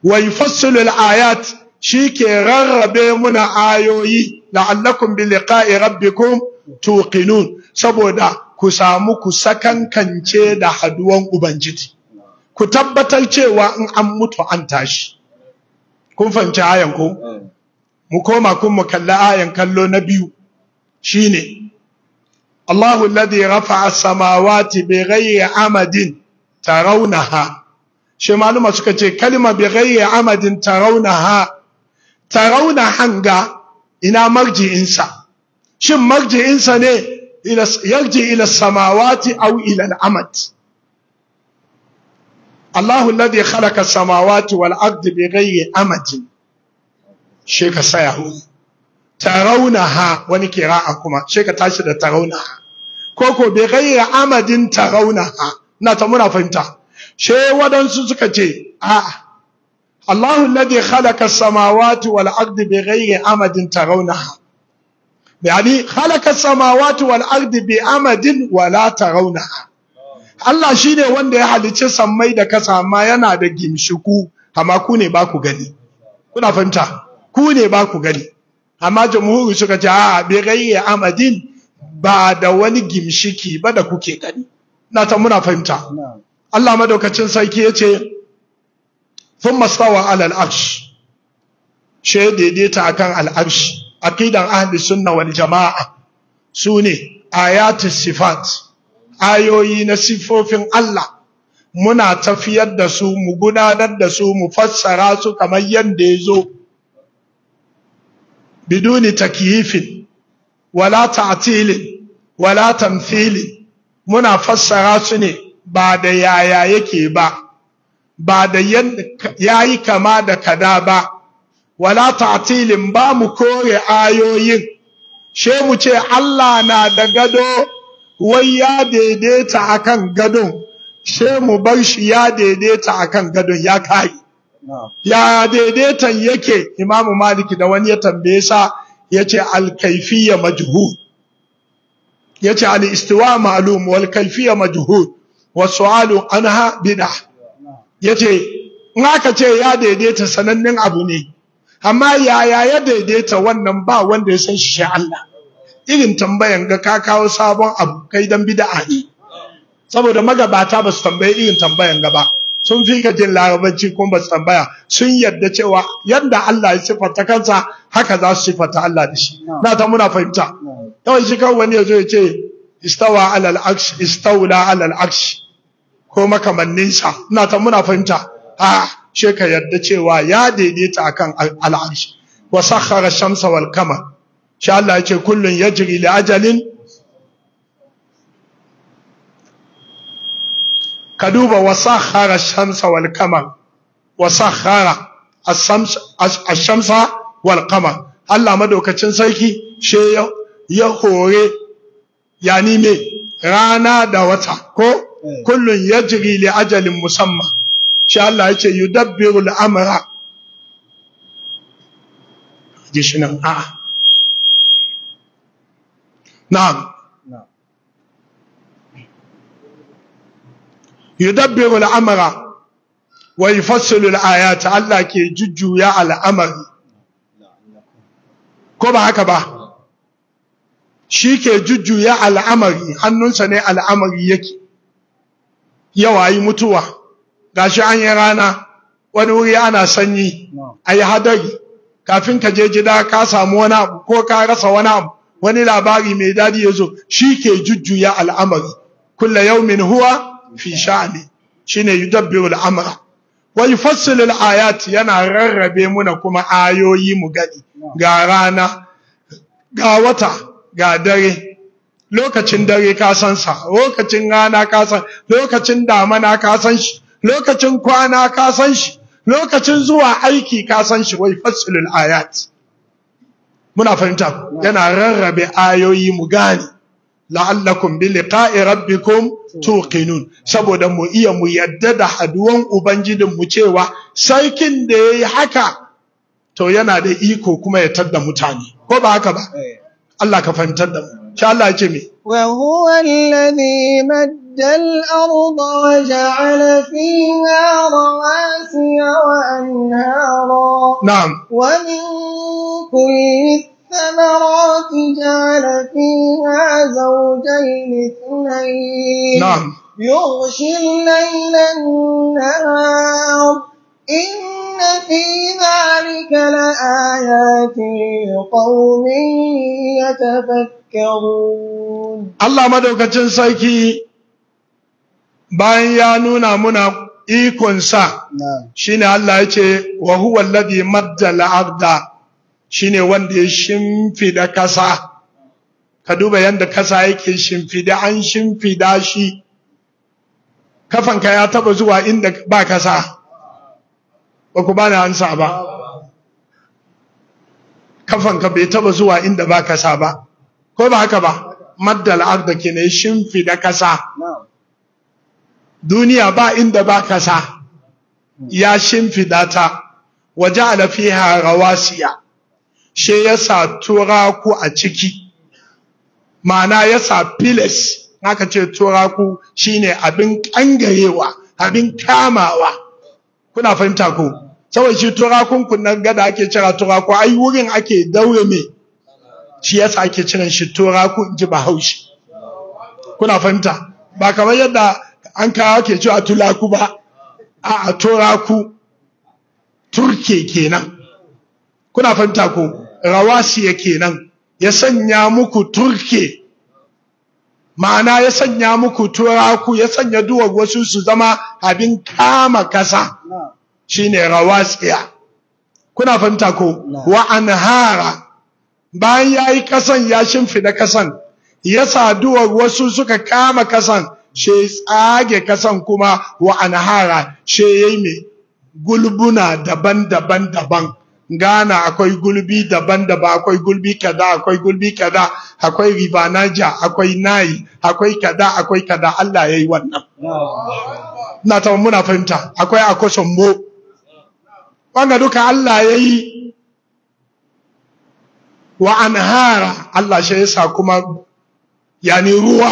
wa yufassilu ayat shi ke rarrabe muna ayoyi la'allakum bi liqa'i rabbikum tuqinun saboda ku samu ku sakankance da haduwan ubangiji ku tabbatar cewa in an mutu an tashi kun fanci ayan ko mu koma kun mu kalla ayan kallo na biyu shine Allahu alladhi rafa'a as-samawati bighayri amadin tarawnaha shi maluma suka ce kalma bighayri amadin tarawnaha tarawna hanga ina marji'insa shin marji'insa ne yarji ila samawati aw ila al'amad Allahu alladhi khalaqa samawati wal ardi bighayri amadin she ka saya hu tarawunaha wani kira'a kuma Sheka tashi da tarawunaha ko ko bighayri amadin tarawunaha na ta muna fahimta she wadansu suka ce a'a Allahu alladhi khalaqa samawati wal ardi bighayri amadin tarawunaha yani khalaqa samawati wal ardi bi amadin wala rauna. Allah shine wanda ya halicci sammai da kasa amma yana da gimshiku amma ku ne ba ku gani kuna fahimta ku ne ba ku gani amma jamhuri suka ce a bi amadin ba da wani gimshiki ba da kuke gani na ta muna fahimta Allah madaukacin sarki yace thumma stawa ala al-arsh she daidaita akan al aqidan ahli sunna wal jama'a sune ayatus sifat ayoyi na sifofin Allah muna tafiyar da su mu gudanar da su mu fassara su kamar yanda yazo biduni takyifin wala ta'tilin wala tamthilin muna fassara su ne ba da yaya yake ba ba da yayi kama da kada ba wala ta'tilin ba mu kore ayoyin she mu ce Allah na da gado wai ya daidaita akan gadon she mu bar shi ya daidaita akan gadon ya kai ya daidaitan yake Imam Malik da wani ya tambaye sa yace al-kayfiyya majhul yace al-istiwa ma'lum wal kayfiyya majhul wa su'alu anha bid'ah yace in aka ce ya daidaita sanannen abu ne amma yaya ya daidaita wannan ba wanda ya san shi shi Allah irin tambayan ga ka kawo sabon abu kai dan bid'a ne saboda magabata ba su tambaye irin tambayan ga ba sun fi ka jin larabanci ko ba su tambaya sun yarda cewa yadda Allah ya sifata kansa haka za su sifata Allah da shi na ta muna fahimta kawai shi kawai wani ya zo ya ce istawa alal aksh istawla alal aksh ko makamannin sa na ta muna fahimta a she ka yarda cewa ya daidaita akan al'arshi wa sakhara shamsa wal qamar sha Allah yace kullun yajri li ajalin ka duba wa sakhara shamsa wal qamar wa sakhara ash-shamsa wal qamar Allah madaukacin sarki she ya hore yani me rana da wata ko hmm. kullun yajri li ajalin musamman. شاء الله يجي يدبر الأمر دي شنو آه. نعم. نعم يدبر الأمر ويفصل الآيات الله كي ججو يا الأمر كما هكذا شيكي ججو يا الأمر حنون سنة الأمر يكي يوائي متوى gashi an yi rana wani wuri ana sanyi a yi hadari kafin ka je gida ka samu wani abu ko ka rasa wani abu wani labari mai daɗi ya zo shi ke jujjuya al'amari kulla min huwa fi sha'ani shi shine yudabbiru al'amara Wai yufassilu ayat yana rarrabe muna kuma ayoyi mu gani ga rana ga wata ga dare lokacin dare ka lokacin rana ka lokacin damana ka san shi lokacin kwana ka san shi lokacin zuwa aiki ka san shi wai fasilul ayat muna fahimta yana rarrabe ayoyi mu gane la'allakum bi liqa'i rabbikum tuqinun saboda mu iya mu yadda da haduwan ubangijin mu cewa sarkin da yayi haka to yana da iko kuma ya tadda mutane ko ba haka ba eh. Allah ka fahimtar da mu شالله جمي وهو الذي مد الأرض وجعل فيها رواسي وأنهارا نعم ومن كل الثمرات جعل فيها زوجين اثنين نعم يغشي الليل النهار إن في ذلك لآيات لقوم يتفكرون Allah madaukacin sarki bayan ya nuna muna ikonsa, shi shine Allah yace wa huwa alladhi madda al-arda shine wanda ya shimfida kasa ka duba yanda kasa yake shimfida an shimfida shi kafanka ya taba zuwa inda ba kasa ba ku bani ansa ba kafanka bai taba zuwa inda ba kasa ba ko ba haka ba maddal arda kenan shimfi da kasa duniya ba inda ba kasa ya shimfida ta waje alafiha rawasiya she ya sa turaku a ciki ma'ana ya sa filis Haka ce turaku shine abin kangarewa abin kamawa kuna fahimta ko saboda shi turakun kunnan gada ake cira turaku ai wurin ake daure me shi yasa ake kiran shi tora ku in ji bahaushe kuna fahimta ba kamar yadda an kawo ke a tulaku ba a ku. turke kenan kuna fahimta ko rawasiya kenan ya sanya muku turke ma'ana ya sanya muku turaku ya sanya duwar wasu su zama abin kama kasa shine rawasiya kuna fahimta ko wa anhara bayan ya yi kasan ya shimfida kasan ya saduwar wasu suka kama kasan she tsage kasan kuma wa anhara she yayi me gulbuna daban-daban daban Ghana akwai gulbi daban-daban akwai gulbi kada akwai gulbi kada akwai riba akwai nayi akwai kada akwai kada Allah yayi wannan na ta muna fahimta akwai akwai mo wanga duka Allah yayi wa anhara Allah shi yasa kuma yani ruwa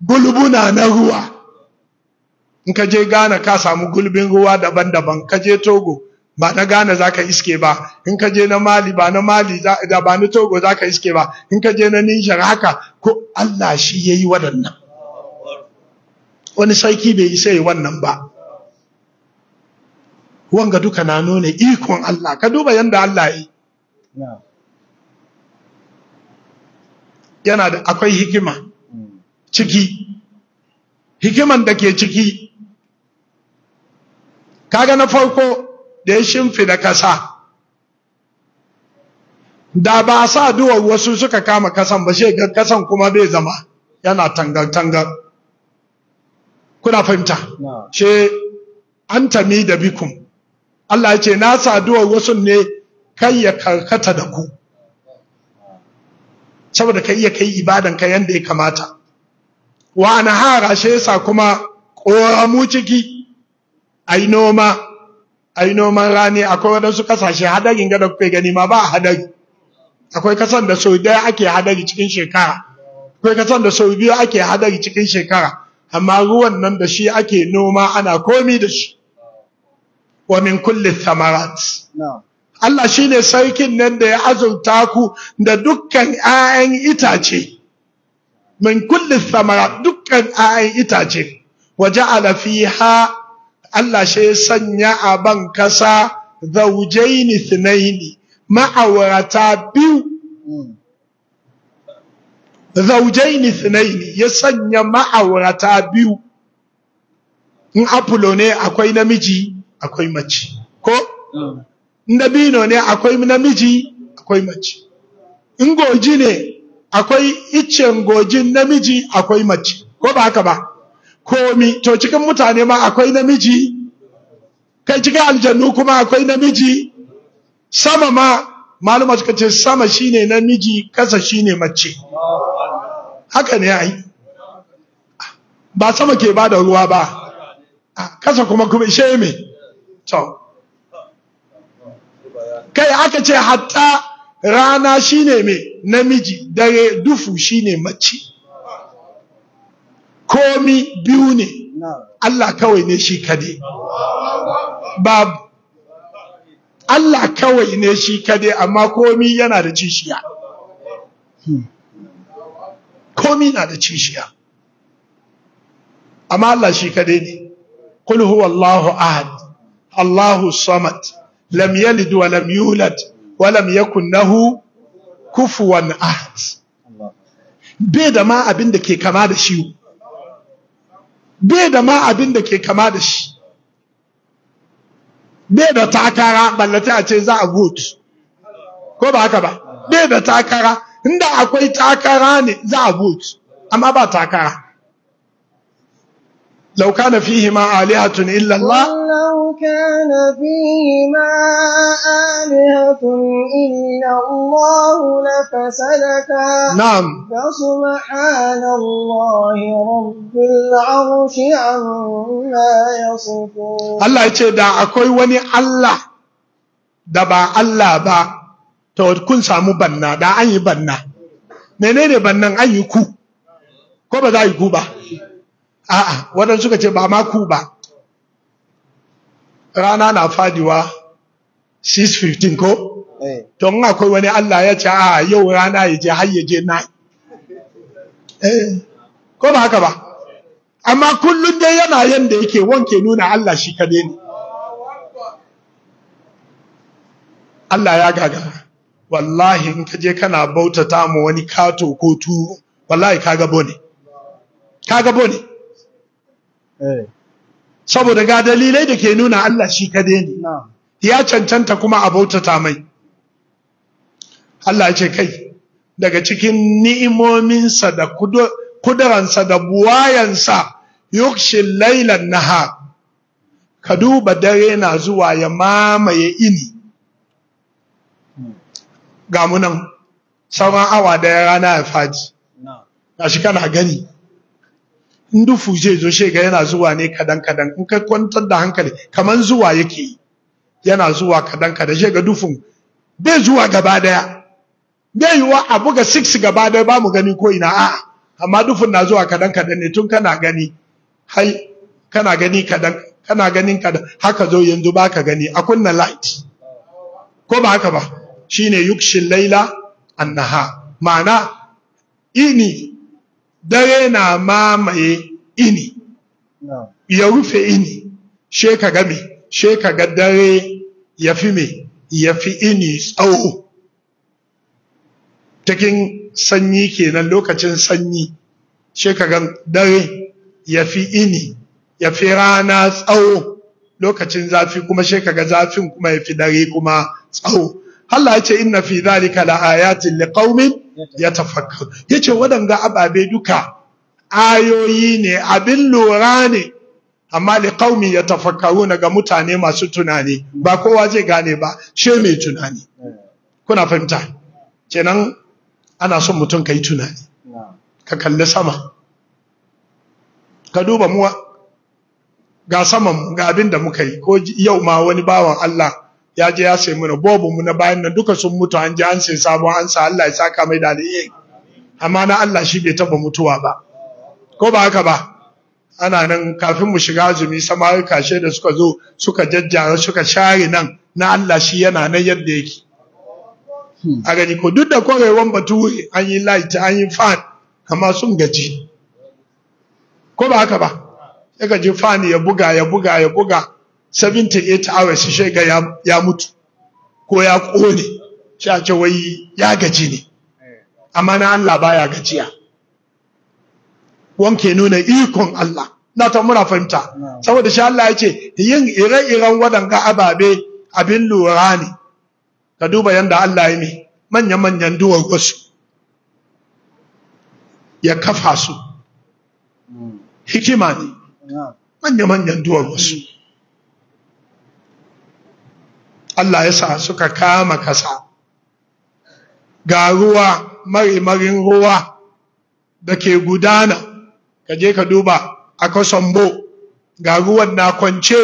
gulbuna na ruwa in ka je gana ka samu gulbin ruwa daban-daban ka je Togo ba na gane zaka iske ba in ka je na Mali ba na Mali da ba na Togo zaka iske ba in ka je na Niger haka ko Allah shi yayi waɗannan wani sarki bai yi sai wannan ba wanga duka na nuna ikon Allah ka duba yanda Allah yi yana da akwai hikima ciki hikiman da ke ciki kaga na farko da ya shimfi da kasa da ba sa duwar wasu suka kama kasan ba shi ga kasan kuma bai zama yana tangar-tangar kuna fahimta she an tami da bikum Allah ya ce na sa saduwar wasu ne kai ya karkata da ku saboda ka iya kai ibadan ka yanda ya kamata wa nahara shi yasa kuma mu ciki ai noma ai noman rani akwai wadansu kasashe hadarin ga da kuke gani ma ba hadari akwai kasan da sau daya ake hadari cikin shekara akwai kasan da sau biyu ake hadari cikin shekara amma ruwan nan da shi ake noma ana komi da shi wa min kulli thamarat na'am Allah shi ne sarkin nan da ya azurta ku da dukkan 'ya'yan itace min kulli samara dukkan ayan itace waje alafi ha Allah shi ya sanya a ban kasa zawjaini thnaini ma'aurata biyu ni thnaini ya sanya ma'aurata biyu in apulo ne akwai namiji akwai mace ko mm. bino ne akwai namiji akwai mace in goji ne akwai iccen gojin namiji akwai mace ko ba haka ba komi to cikin mutane ma akwai namiji kai cikin aljannu kuma akwai namiji sama ma maluma suka ce sama shine namiji kasa shine mace haka ne ai ba sama ke bada ruwa ba ah, kasa kuma kuma ishe me to kai aka ce hatta rana shine mai namiji dare dufu shine mace komi biyu ne Allah kawai ne shi kade babu Allah kawai ne shi kade amma komi yana da cishiya komi na da cishiya amma Allah shi kade ne kul huwallahu ahad Allahu samad lam yalid wa lam yulad wa lam yakun lahu kufuwan ahad bai da ma abin da ke kama da shi bai da ma abin da ke kama da shi bai da takara ballata a ce za a vote ko ba haka ba bai da takara inda akwai takara ne za a vote amma ba takara لو كان فيهما آلهة إلا الله لو كان فيهما آلهة إلا الله لفسدتا نعم فسبحان الله رب العرش عما يصفون الله يتشي دا أكوي وني الله دا با الله با تو كن سامو بنا دا أي بنا نيني بنا أي كو كو بدا يكو با a'a waɗansu suka ce ba maku ba rana na fadiwa 6:15 ko don eh. akwai wani Allah ya ce a yau rana ya je har ya je na eh, ko ba haka ba amma kullum dai yana yanda yake wanke nuna Allah shi kade ne Allah ya gaga wallahi in ka je kana bautata mu wani kato ko tu wallahi ka gabo ne ka Eh. saboda ga dalilai da ke nuna Allah shi ka ne ya cancanta kuma a bautata mai Allah ya ce kai daga cikin ni'imominsa da kuduransa da buwayansa yukshi lailan nahar ka duba dare na zuwa ya mamaye ini ga munan sauran awa daya rana ya faji a shi kana gani ndufu zai zo shega yana zuwa ne kadan kadan in ka kwantar da hankali kaman zuwa yake yana zuwa kadan kadan shega dufun bai zuwa gaba daya bai yiwa a buga 6 gaba daya ba mu gani ko ina a'a amma dufun na zuwa kadan kadan ne tun kana gani hai kana gani kadan kana ganin kadan haka zo yanzu baka gani a kunna light ko ba haka ba shine yukshil laila annaha ma'ana ini dare na mamaye ini ya rufe ini she ka ga me she ka ga dare ya fi me ya fi ini tsawo cikin sanyi kenan lokacin sanyi she ka ga dare ya fi ini ya fi rana tsawo lokacin zafi kuma she ka ga zafin kuma ya fi dare kuma tsawo Allah ya ce inna fi dhalika la ayatin liqaumin yatafakkarun yace wadanga ababe duka ayoyi ne abin lura ne amma liqaumin yatafakkaruna ga mutane masu tunani ba kowa zai gane ba she mai tunani kuna fahimta kenan ana son mutum kai tunani ka kalli sama ka duba mu ga saman ga abin da muka yi ko yau ma wani bawan Allah ya je ya sai mana Bobo mu na bayan nan duka sun mutu an je an sai sabon an sa Allah ya saka mai da alheri amma na Allah shi bai taba mutuwa ba ko ba haka ba ana nan kafin mu shiga azumi samari kashe da suka zo suka jajjara suka share nan na Allah shi yana nan yadda yake hmm. a gani ko duk da kwarewan bature an yi light an yi fan amma sun gaji ko ba haka ba ya gaji fan ya buga ya buga ya buga 78 hours shi ga ya mutu ko ya kone shi a ce wai ya gaji ne amma na Allah baya gajiya wanke nuna ikon Allah na ta muna fahimta saboda shi Allah ya ce yin ire-iren waɗanga ababe abin lura ne ka duba yadda Allah ya ne manya-manyan duwar wasu ya kafa su hmm. hikima ne manya-manyan duwar wasu Allah ya sa suka kama kasa ga ruwa marimarin ruwa da ke gudana ka je ka duba a kasambo ga ruwan na kwance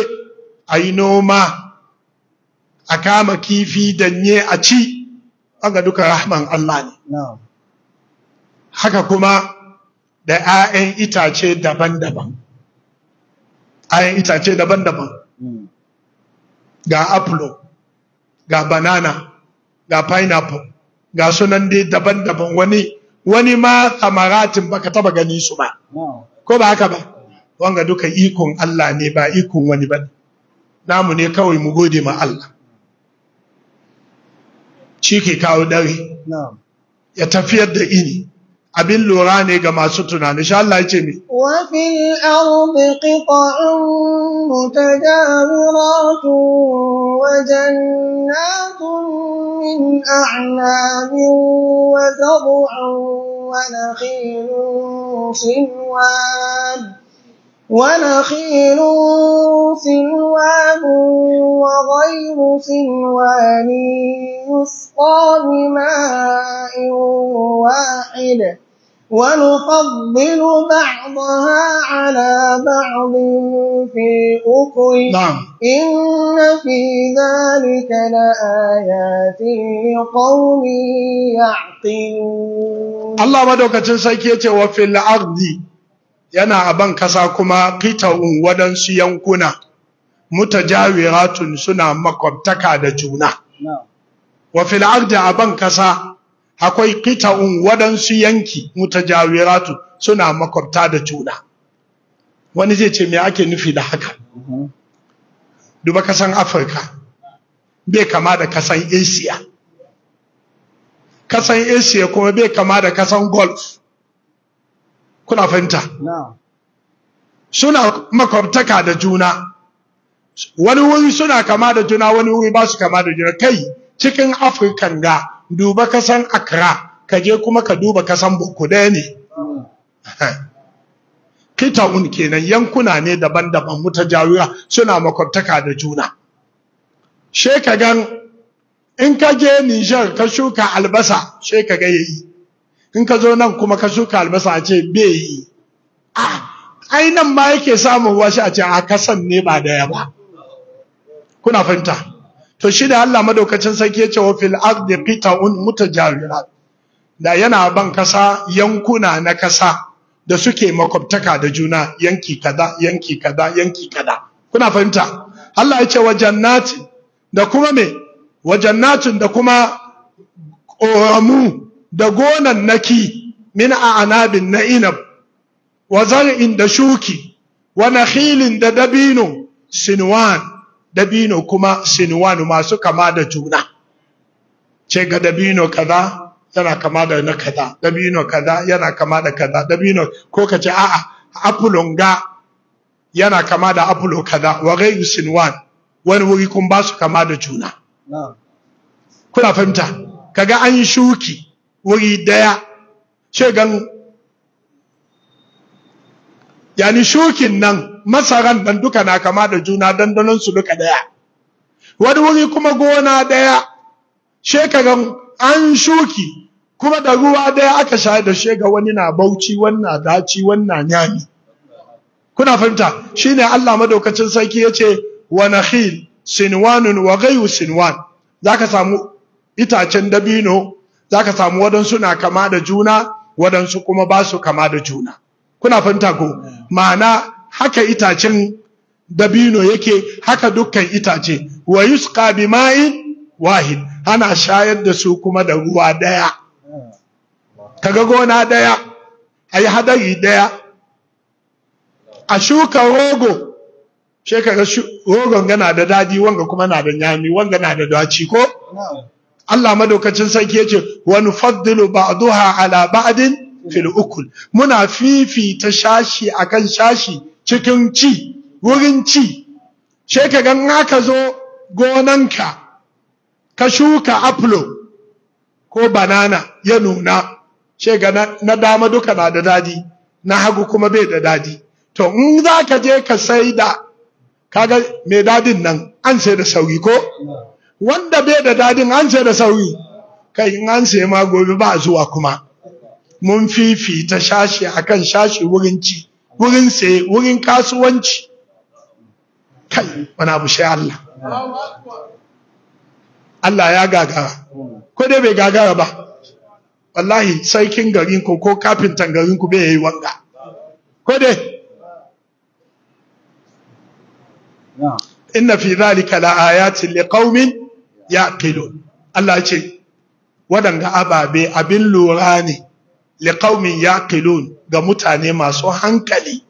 a yi noma a kama kifi danye a ci ga duka rahman Allah ne haka kuma da 'ya'yan itace daban-daban 'ya'yan itace daban-daban hmm. ga apple ga banana ga pineapple ga sunan dai daban-daban wani wani ma samaratin baka taba gani su ba ko ba haka ba wanga duka ikon Allah ne ba ikon wani ba namu ne kawai mu gode ma Allah shi kawo dare ya tafiyar da ini abin lura ne ga masu tunani insha Allah yace ne wa fil ardi qita'un mutajawiratu wa jannatun min a'nabi wa zar'un wa nakhilun sinwan ونخيل سنوان وغير سنوان يسقى بماء واحد ونفضل بعضها على بعض في الأكل نعم. إن في ذلك لآيات لقوم يعقلون الله مدوكة سيكية وفي الأرض yana a ban kasa kuma qita'un wadansu yankuna mutajawiratun suna makwabtaka da juna wa fil ardi a ban kasa akwai qita'un wadansu yanki mutajawiratun suna makwabta da juna wani zai ce me ake nufi da haka mhm. duba kasan Afirka bai kama da kasan Asia kasan Asia kuma bai kama da kasan golf. kuna fahimta suna makwabtaka da juna wani wuri suna kama da juna wani wuri ba su kama da juna kai cikin afirkan ga duba kasan accra ka je kuma ka duba kasan boko ɗaya ne kitaun mm. kenan yankuna ne daban-daban jawura. suna makwabtaka da juna shekagan in ka je nijar ka shuka albasa shekaga ya yi. in ka zo nan kuma ka shuka albasa a ce bai yi ai nan ma yake samun washe a ce a kasan ne ba daya ba kuna fahimta to shi da Allah madaukacin sarki yace wa fil ardi qita'un mutajawirat da yana ban kasa yankuna na kasa da suke makwabtaka da juna yanki kada yanki kada yanki kada kuna fahimta Allah yace wa jannatin da kuma me wa jannatin da kuma ƙoramu da gonan Naki, min a anabin na inab wa zar'in da shuki wa nakhilin da dabino sinwan dabino kuma sinwan masu kama da juna ce ga dabino kaza yana kama da na kaza dabino kaza yana kama da kaza dabino ko ka ce a'a apulon ga yana kama da apulo kaza wa ghayru sinwan wani wuri kun ba su kama da juna kuna fahimta kaga an shuki wuri daya ce yani shukin nan masaran dan duka na kama da juna dandanon su duka daya wani wuri kuma gona daya shekaran an shuki kuma da ruwa daya aka shayar da shega wani na bauchi wannan daci wannan nyami kuna fahimta shine Allah madaukacin sarki yace wa nakhil sinwanun wa ghayu sinwan zaka samu itacen dabino Zaka samu wadansu na kama da juna wadansu kuma ba su kama da juna kuna fanta ko ma'ana haka itacen dabino yake haka dukkan itace wa yusqa bima'in wahid ana shayar da su kuma da ruwa daya kaga gona daya ayi hadari daya a shuka rogo she rogon gana da daji wanga kuma na da nyami wanga na da daci ko Allah madaukacin sarki yace wa nufaddilu ba'daha ala ba'din fil ukul muna fifita shashi akan shashi cikin ci wurin ci she ka gan haka zo gonanka ka shuka apple ko banana ya nuna she ga na dama duka na da dadi na hagu kuma bai da dadi to in zaka je ka saida kaga mai dadin nan an sai da sauki ko wanda bai da dadin an da sauri kai in an sai ma gobe ba zuwa kuma mun fifita shashi akan shashi wurin ci wurin sai wurin kasuwanci kai wani abu sai Allah Allah ya gagara ko dai bai gagara ba wallahi sarkin garin ku ko kafintan garin ku bai yi wanga ko dai inna fi dhalika la ayatin liqaumin yaqilun Allah ce waɗanga ababe abin lura ne ya yaqilun ga mutane masu hankali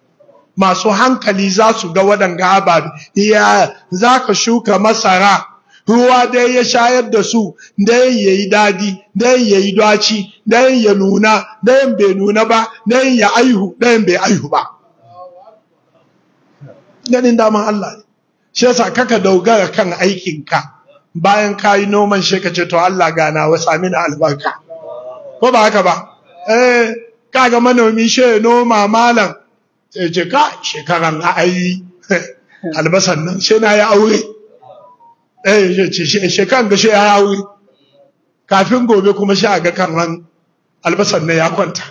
masu hankali za su ga waɗanga ababe ya zaka shuka masara ruwa dai ya shayar da su dai yayi dadi dai yayi dwaci, dai ya nuna dai bai nuna ba dai ya aihu dai bai aihu ba ganin daman Allah shi yasa kaka dogara kan aikinka bayan kayi noman shi ka ce to Allah gana wa sami na albarka ko ba haka ba eh kaga manomi ya noma malam sai ce ka shekaran ai albasan nan shi na ya aure eh shekaran da shi ya aure kafin gobe kuma a ga karran albasan nan ya kwanta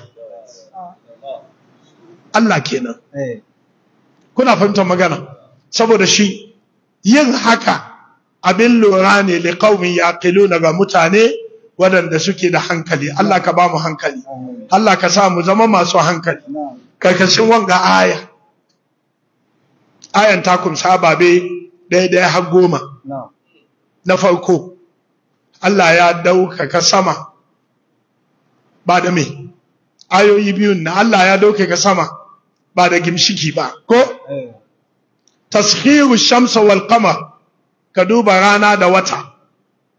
Allah kenan eh. kuna fahimtar magana saboda shi yin haka abin lura ne li qaumin yaqiluna ga mutane waɗanda suke da hankali Allah ka ba mu hankali Allah ka sa mu zama masu hankali karkashin wanga aya ayan ta kumsa daidai har goma na farko Allah ya ɗaukaka sama ba da me ayoyi biyun na Allah ya ɗaukaka sama ba da gimshiki ba ko eh. tashiru shamsa wal qamar ka duba rana da wata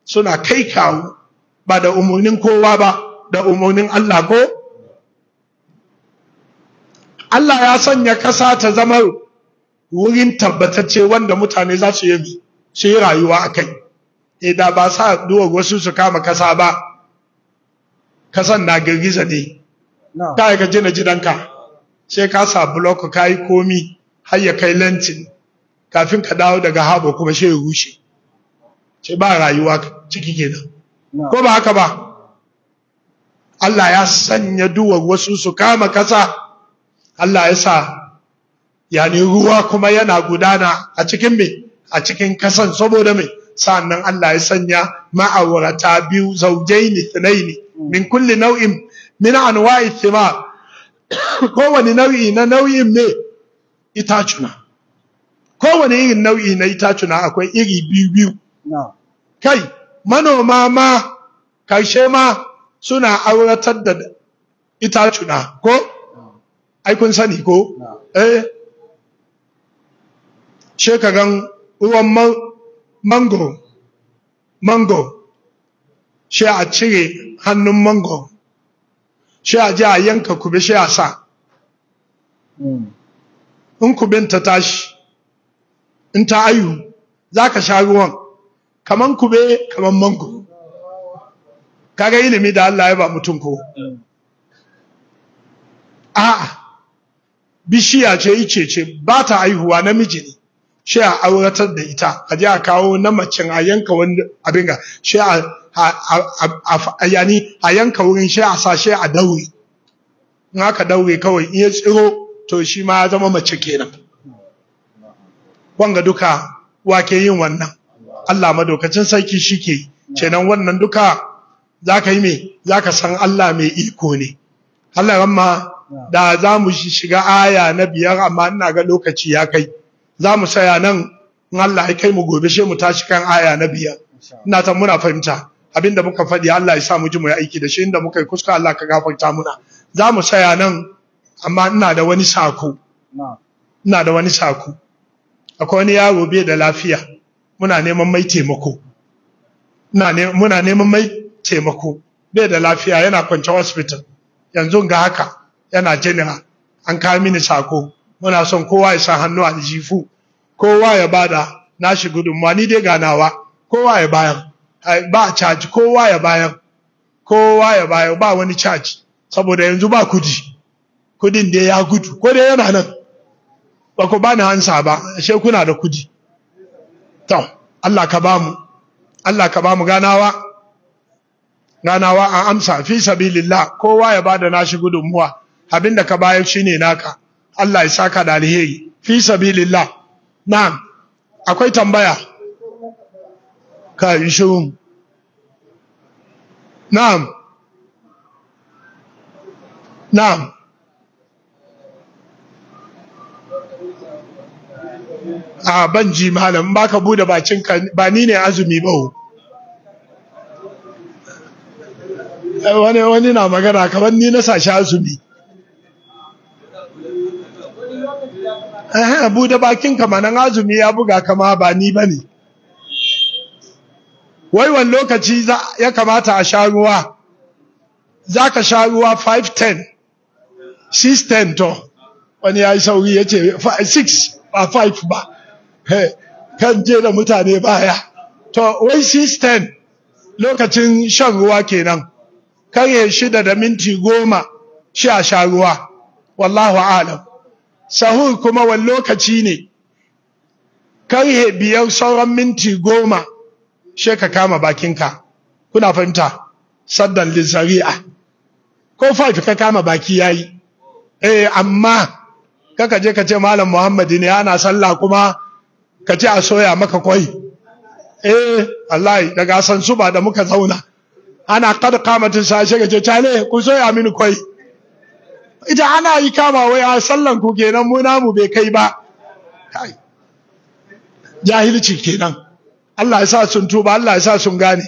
suna kai kawo ba da umarnin kowa ba da umarnin Allah ko Allah ya sanya kasa ta zama wurin tabbatacce wanda mutane za su yi rayuwa a kai Eh da ba sa duwa wasu su kama kasa ba kasan na girgiza ne ta ka jina gidanka sai ka sa blok ka yi komi har ya kai lantin. kafin ka dawo daga habo kuma shi ya rushe ce ba rayuwa ciki kenan ko ba haka ba Allah ya sanya duwar wasu su kama kasa Allah ya sa yani ruwa kuma yana gudana a cikin me a cikin kasan saboda me sannan Allah ya sanya ma'aurata biyu zaujaini thnaini min kulli nau'in min anwa'i thimar kowane nau'i na nau'in ne itacuna kowane irin nau'i na itacuna akwai iri biyu biyu kai manoma ma karshe ma suna auratar da itacuna ko ai sani ko eh shekaran ruwan mango mango shi a cire hannun mango shi a ji a yanka kube shi a sa hmm. in kubin ta tashi in ta ayu za ka sha ruwan kaman kube kaman mango kaga ilimi da Allah ya ba mutum ko a'a bishiya ce ice ce ba ta aihuwa namiji ne shi a auratar da ita a je a kawo na macen a yanka wani abin ga shi a yani a yanka wurin shi a shi a daure in aka daure kawai in ya tsiro to shi ma ya zama mace kenan wanga duka wake yin wannan Allah madaukacin sarki shike kenan wannan duka zaka yi me zaka san Allah mai iko ne Allah ramma da zamu shiga aya na biyar amma ina ga lokaci ya kai zamu saya nan in Allah ya kai mu gobe sai mu tashi kan aya na biyar ina ta muna fahimta abinda muka faɗi Allah ya sa mu ji mu yi aiki da shi inda muka yi kuskure Allah ka gafarta muna za mu saya nan amma ina da wani sako ina da wani sako akwai wani yaro bai da lafiya muna neman mai taimako muna neman mai taimako bai da lafiya yana kwance hospital yanzu ga haka yana general an kawo mini sako muna son kowa ya sa hannu a jifu kowa ya bada nashi gudunmuwa ni dai ganawa kowa ya bayan ba caji kowa ya bayan kowa ya bayan ba wani caji saboda yanzu ba kudi kudin dai ya gudu ko dai yana nan ba ku bani hansa ba ashe kuna da kudi to Allah ka bamu Allah ka bamu ganawa ganawa an amsa fi sabilillah kowa ya bada nashi gudunmuwa abinda ka bayar shine naka Allah ya saka da alheri fi sabilillah na'am akwai tambaya ka yi shirin na'am na'am a ban ji malam ba ka bude bacin ka ba ni ne azumi ba eh, wani wani na magana kamar ni na sashi azumi eh bude bakin ka manan azumi ya buga kama ba ni bane wai wani lokaci ya kamata a sha ruwa za ka sha ruwa 510 610 to wani ya yi sauri ya 6 ba five ba kan je da mutane baya to wai system lokacin shan ruwa kenan karye shida da minti goma sha sha ruwa wallahu alam sahur kuma wani lokaci ne karye biyar sauran minti goma she ka kama bakinka kuna fahimta saddan lizari'a ko five ka kama baki yayi eh amma kaka je ka ce malam muhammadi ne ana sallah kuma ka ce a soya maka kwai eh wallahi daga san su ba da muka zauna ana kad kamatin sashe ka ce chale ku soya mini kwai ita ana yi kama wai a sallan ku kenan mu namu bai kai ba jahilci kenan Allah ya sa sun tuba Allah ya sa sun gane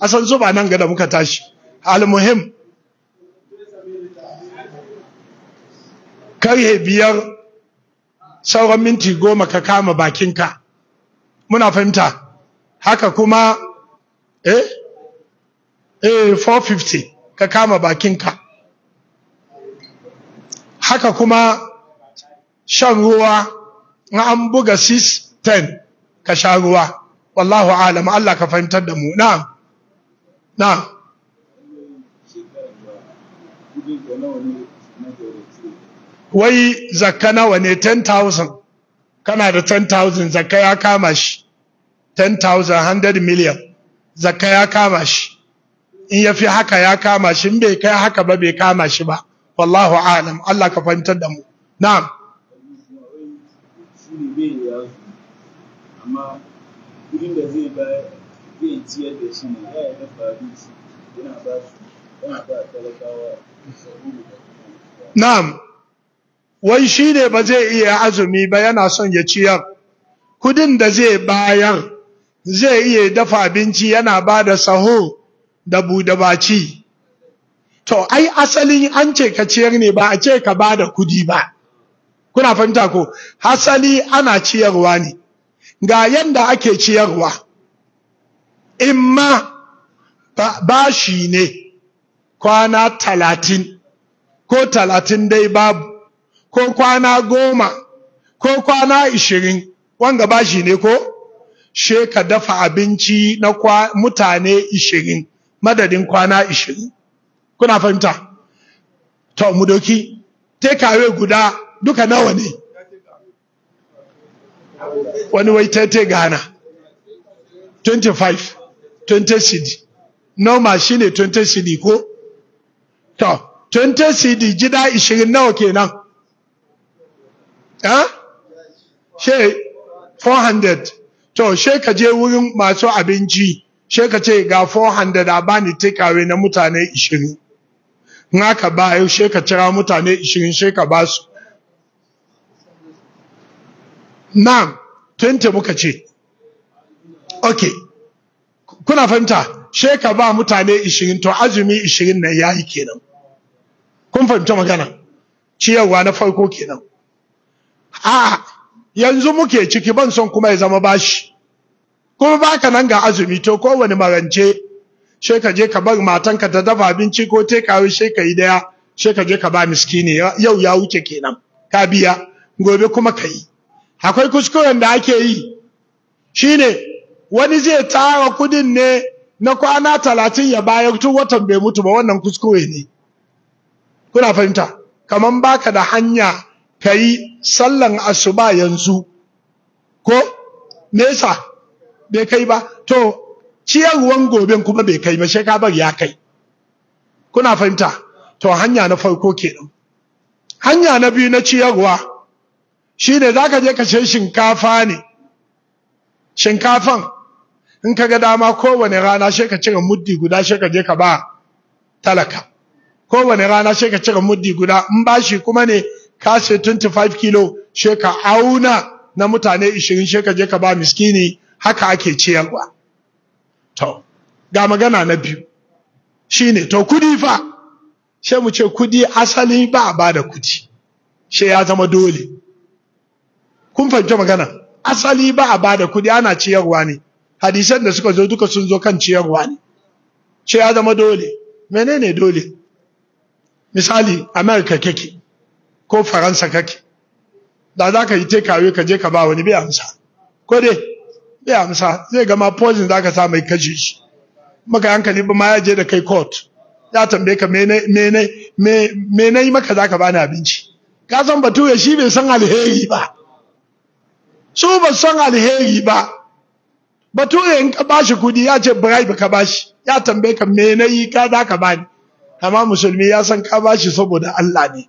a san suba nan ga da muka tashi al muhim karhe biyar sauran minti goma ka kama bakinka muna fahimta haka kuma eh eh 450 ka kama bakinka haka kuma shan ruwa na an buga 610 ka sha ruwa wallahu alam Allah ka fahimtar da mu na'am na'am wai zakka nawa ne 10,000 kana da 10,000 zakka ya kama shi 10,000 100 million zakka ya kama shi in ya fi haka ya kama shi in bai kai haka ba bai kama shi ba wallahu alam Allah ka fahimtar da mu na'am amma kudin da zai ba zai ciyar shi ne ya Na'am wai shi ne ba zai iya azumi ba yana son ya ciyar kudin da zai bayar zai iya dafa abinci yana ba da saho da budabaci to ai asalin an ce ka ciyar ne ba a ce ka ba da kudi ba kuna fahimta ko asali ana ciyarwa ne ga yanda ake ciyarwa imma bashi ne kwana talatin ko talatin dai babu ko kwana goma ko kwana ishirin wanga bashi ne ko she ka dafa abinci na mutane ishirin madadin kwana ishirin kuna fahimta to mu doki tekawe guda duka nawa ne wani wai tete gana 25 20 cd noma shine 20 cd ko to 20 cd gida 20 nawa kenan eh she 400 to she ka je wurin masu abinci she ka ce ga 400 a bani takeaway na mutane 20 in aka ba yau she ka cira mutane 20 she ka ba su na'am 20 muka ce okay kuna fahimta she ka ba mutane 20 to azumi 20 nan yayi kenan kun fahimta magana ciyarwa na farko kenan a yanzu muke ciki ban son kuma ya zama bashi kuma baka nan ga azumi to kowane marance sai ka je ka bar matanka ta dafa abinci ko te kawo sai ka yi daya sai ka je ka ba miskini yau ya wuce kenan ka biya gobe kuma ka yi akwai kuskuren da ake yi shine wani zai tara kudin ne na kwana talatin ya bayar tun watan bai mutu ba wannan kuskure ne kuna fahimta kaman baka da hanya ka yi sallan asuba yanzu ko nesa bai kai ba to ciyarwan gobe kuma bai kai ba shi ka bar ya kai kuna fahimta to hanya na farko kenan hanya na biyu na ciyarwa shine ka je ka ce shinkafa ne shinkafan in ka ga dama kowane rana shi ka cire muddi guda shi ka je ka ba talaka kowane rana shi ka cire muddi guda in bashi kuma ne ka 25 kilo she ka auna na mutane 20 she ka je ka ba miskini haka ake ciyarwa to ga magana na biyu shine to kudi fa she mu ce kudi asali ba ba da kudi she ya zama dole kun fahimci magana asali ba a bada kudi ana ciyarwa ne hadisan da suka zo duka sun zo kan ciyarwa ne she ya zama dole menene dole misali america kake ko faransa kake da za ka yi tekawe ka je ka ba wani bai amsa ko dai bai amsa zai gama poison za ka sa mai kashe shi maka hankali ba ma ya je da kai court ya tambaye ka me na yi maka za ka bani abinci ka san bature shi bai san alheri ba su ba san alheri ba bature in ka bashi kudi ya ce bribe ka bashi ya tambaye ka me na yi ka za ka bani amma musulmi ya san ka bashi saboda Allah ne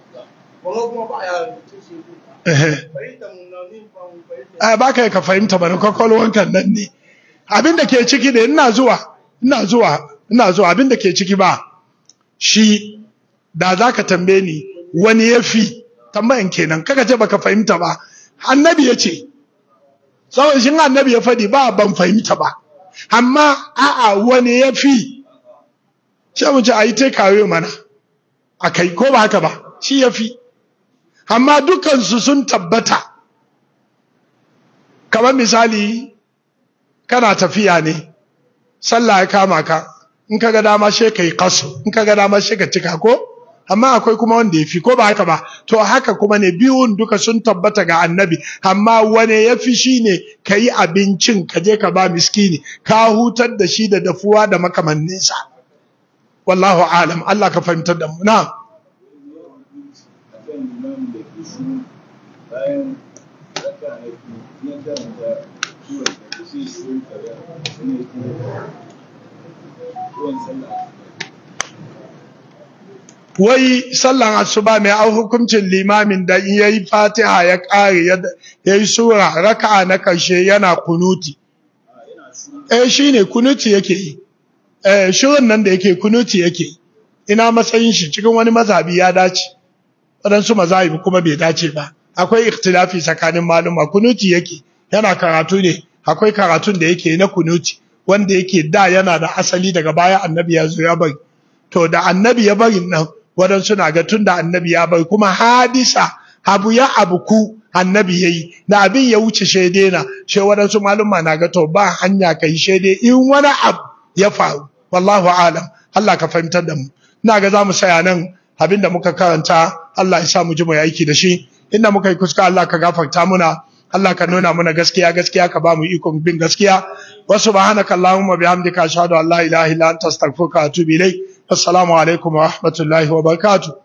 a ba ah, ka fahimta bari kan nan ne abin da ke ciki da ina zuwa ina zuwa ina zuwa abin da ke ciki ba shi da za ka tambaye ni wani ya fi tambayan kenan kaka ce baka fahimta ba annabi ya ce tsawon shi annabi ya faɗi ba ban fahimta ba amma a'a wani ya fi sai mu ce a yi kawo mana a kai ko ba haka ba shi ya fi amma dukansu sun tabbata kamar misali kana tafiya ne sallah ya kama ka in ka ga dama she ka yi kasu in ka ga dama she ka cika ko amma akwai kuma wanda ya fi ko ba haka ba to haka kuma ne biyun duka sun tabbata ga annabi amma wane ya fi shi ne ka yi abincin ka je ka ba miskini ka hutar da shi da dafuwa da makamanninsa wallahu alam Allah ka fahimtar da mu na'am bayan haifi na da ne sallah wai sallan asuba mai au hukuncin limamin da in yayi fatiha ya kare yi sura raka'a na karshe yana kunuti eh shine kunuti yake yi eh shirin nan da yake kunuti yake ina matsayin shi cikin wani mazhabi ya dace waɗansu mazahibi kuma bai dace ba akwai ikhtilafi tsakanin malama. kunuti yake yana karatu ne akwai karatun da yake na kunuti wanda yake da yana da asali daga baya annabi ya zo ya bari to da annabi ya bari nan waɗansu na ga tun da annabi ya bari kuma hadisa abu ya abuku annabi ya yi da abin ya wuce shaidai na shi waɗansu maluma na ga to ba hanya ka yi shaidai in wani abu ya faru wallahu alam Allah ka fahimtar da mu ina ga za mu saya nan abin da muka karanta Allah ya sa mu ji mu aiki da shi inda muka yi kuska Allah ka gafarta muna Allah ka nuna mana gaskiya gaskiya ka ba mu ikon bin gaskiya wa subhanaka allahumma bihamdika ashhadu an la ilaha illa anta astaghfiruka wa atubu ilaik assalamu alaikum wa rahmatullahi wa barakatuh